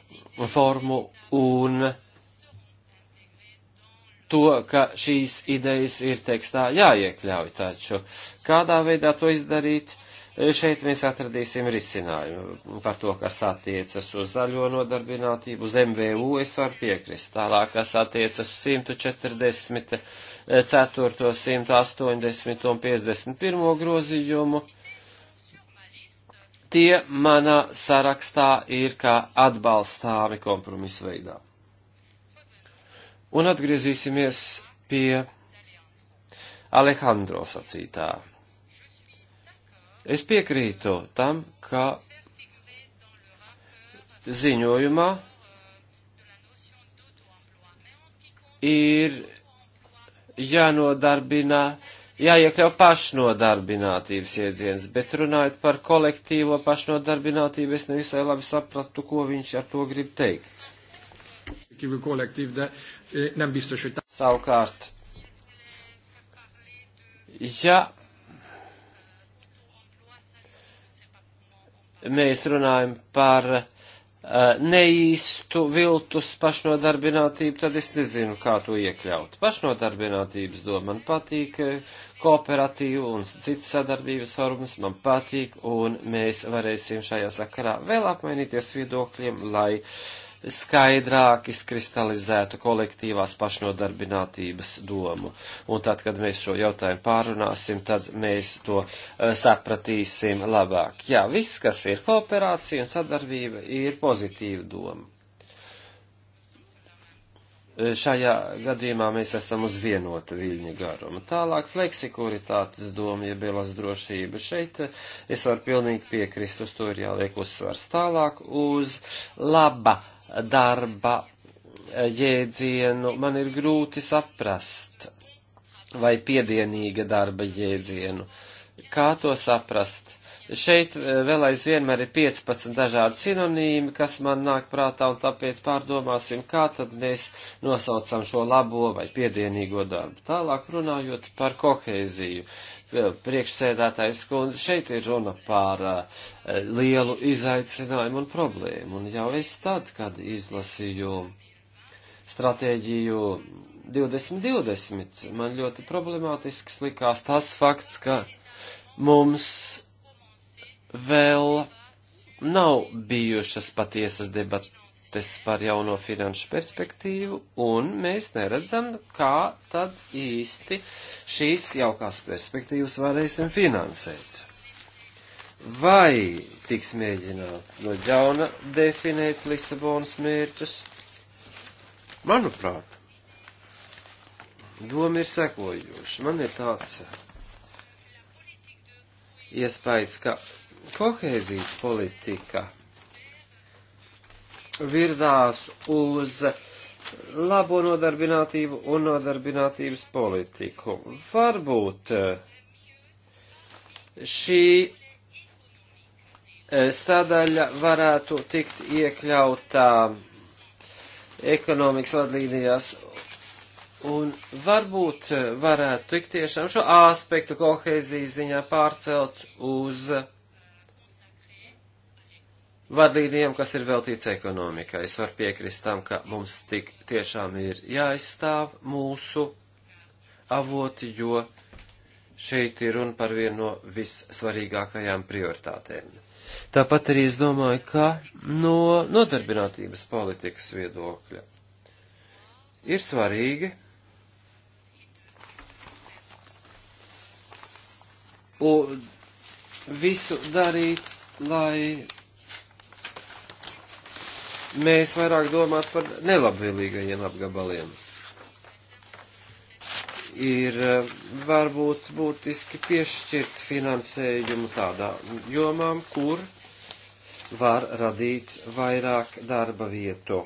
formu un to, ka šīs idejas ir tekstā jāiekļauj. Taču kādā veidā to izdarīt? Uh, Šeit mēs atradīsim risinājumu par to, kas attiecas uz zaļo nodarbinātību, uz MVU es varu piekrist. Tālāk, kas attiecas uz 144, 180 un 51 grozījumu, tie manā sarakstā ir kā atbalstāmi kompromisu veidā. Un atgriezīsimies pie Alejandro sacītā Es piekrītu tam, ka ziņojumā ir jānodarbina, jāiekļau pašnodarbinātības iedziens, bet runājot par kolektīvo pašnodarbinātību, es nevisai labi sapratu, ko viņš ar to grib teikt. Savukārt, ja mēs runājam par neīstu viltus pašnodarbinātību, tad es nezinu, kā to iekļaut. Pašnodarbinātības doma man patīk, kooperatīva un citas sadarbības formas man patīk, un mēs varēsim šajā sakarā vēl apmainīties viedokļiem, lai uh, skaidrāk izkristalizētu kolektīvās pašnodarbinātības domu. Un tad, kad mēs šo jautājumu pārunāsim, tad mēs to eh, sapratīsim labāk. Jā, viss, kas ir kooperācija un sadarbība, ir pozitīva doma. Eh, šajā gadījumā mēs esam uz vienota viļņa garuma. Tālāk fleksikuritātes doma, ja bielas drošība. Šeit eh, es varu pilnīgi piekrist, uz to ir jāliek uzsvars tālāk uz laba darba eh, jēdzienu man ir grūti saprast, vai piedienīga darba jēdzienu. Kā to saprast? Šeit eh, vēl aizvienmēr ir 15 dažādi sinonīmi, kas man nāk prātā, un tāpēc pārdomāsim, kā tad mēs nosaucam šo labo vai piedienīgo darbu. Tālāk runājot par kohēziju, priekšsēdētājs kundze, šeit ir runa par uh, lielu izaicinājumu un problēmu, un jau es tad, kad izlasīju stratēģiju 2020, man ļoti problemātisks likās tas fakts, ka mums vēl nav bijušas patiesas debates par jauno finanšu perspektīvu, un mēs neredzam, kā tad īsti šīs jaukās perspektīvas varēsim finansēt. Vai tiks mēģināts no jauna definēt Lisabonas mērķus? Manuprāt, doma ir sekojoša. Man ir tāds iespējas, ka kohēzijas politika virzās uz labo nodarbinātību un nodarbinātības politiku. Varbūt eh, šī eh, sadaļa varētu tikt iekļautā ekonomikas vadlīnijās un varbūt eh, varētu tik tiešām šo aspektu kohēzijas ziņā pārcelt uz vadlīnijām, kas ir veltīts ekonomikai. Es varu piekrist tam, ka mums tik tiešām ir jāizstāv mūsu avoti, jo šeit ir runa par vienu no vissvarīgākajām prioritātēm. Tāpat arī es domāju, ka no nodarbinātības politikas viedokļa ir svarīgi visu darīt, lai mēs vairāk domātu par nelabvēlīgajiem apgabaliem. Ir eh, varbūt būtiski piešķirt finansējumu tādām jomām, kur var radīt vairāk darba vietu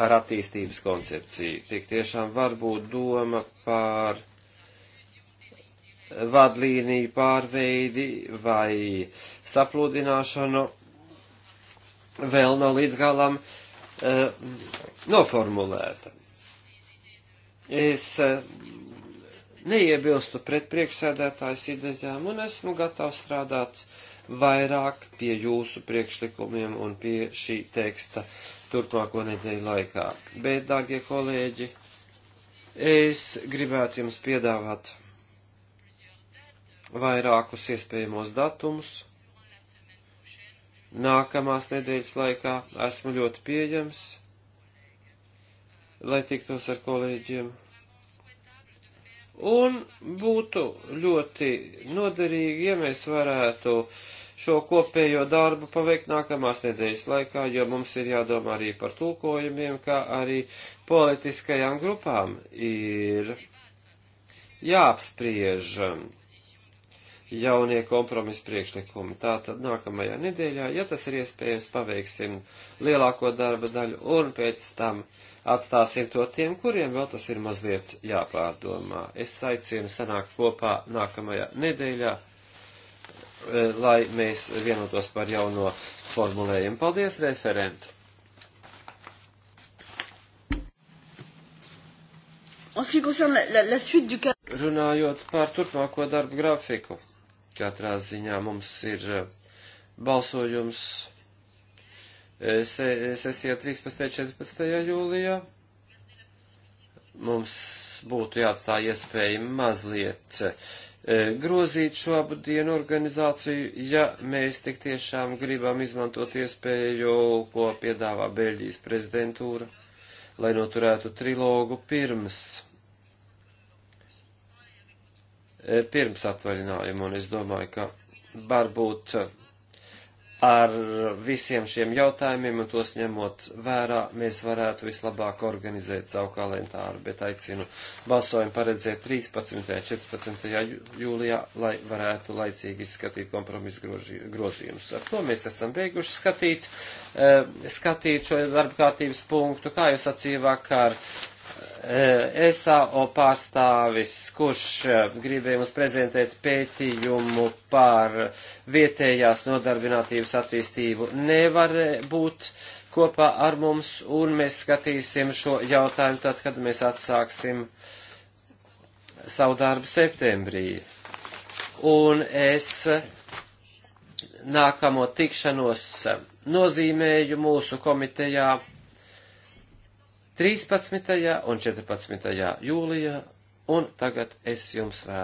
ar attīstības koncepciju. Tik tiešām var būt doma par vadlīniju pārveidi vai sapludināšanu vēl nav līdz galam uh, noformulēta. Es uh, neiebilstu pret priekšsēdētājas idejām un esmu gatavs strādāt vairāk pie jūsu priekšlikumiem un pie šī teksta turpmāko nedēļu laikā. Bet, dārgie kolēģi, es gribētu jums piedāvāt vairākus iespējamos datumus nākamās nedēļas laikā esmu ļoti pieejams, lai tiktos ar kolēģiem. Un būtu ļoti noderīgi, ja mēs varētu šo kopējo darbu paveikt nākamās nedēļas laikā, jo mums ir jādomā arī par tulkojumiem, kā arī politiskajām grupām ir jāapspriež jaunie kompromisa priekšlikumi. Tātad nākamajā nedēļā, ja tas ir iespējams, paveiksim lielāko darba daļu un pēc tam atstāsim to tiem, kuriem vēl tas ir mazliet jāpārdomā. Es aicinu sanākt kopā nākamajā nedēļā, eh, lai mēs vienotos par jauno formulējumu. Paldies, referenti! Runājot par turpmāko darbu grafiku. Katrā ziņā mums ir eh, balsojums eh, sesijā 13. un 14. jūlijā. Mums būtu jāatstāj iespēja mazliet eh, grozīt šo abu dienu organizāciju, ja mēs tik tiešām gribam izmantot iespēju, ko piedāvā Beļģijas prezidentūra, lai noturētu trilogu pirms E, pirms atvaļinājuma, un es domāju, ka varbūt ar visiem šiem jautājumiem un tos ņemot vērā, mēs varētu vislabāk organizēt savu kalendāru, bet aicinu balsojumu paredzēt 13. un 14. jūlijā, lai varētu laicīgi izskatīt kompromisu grozījumus. Ar to mēs esam beiguši skatīt, e, skatīt šo darba kārtības punktu, kā jau sacīju vakar SAO pārstāvis, kurš eh, gribēja mums prezentēt pētījumu par vietējās nodarbinātības attīstību, nevar būt kopā ar mums, un mēs skatīsim šo jautājumu tad, kad mēs atsāksim savu darbu septembrī. Un es nākamo tikšanos nozīmēju mūsu komitejā 13. un 14. jūlijā, un tagad es jums vēlu.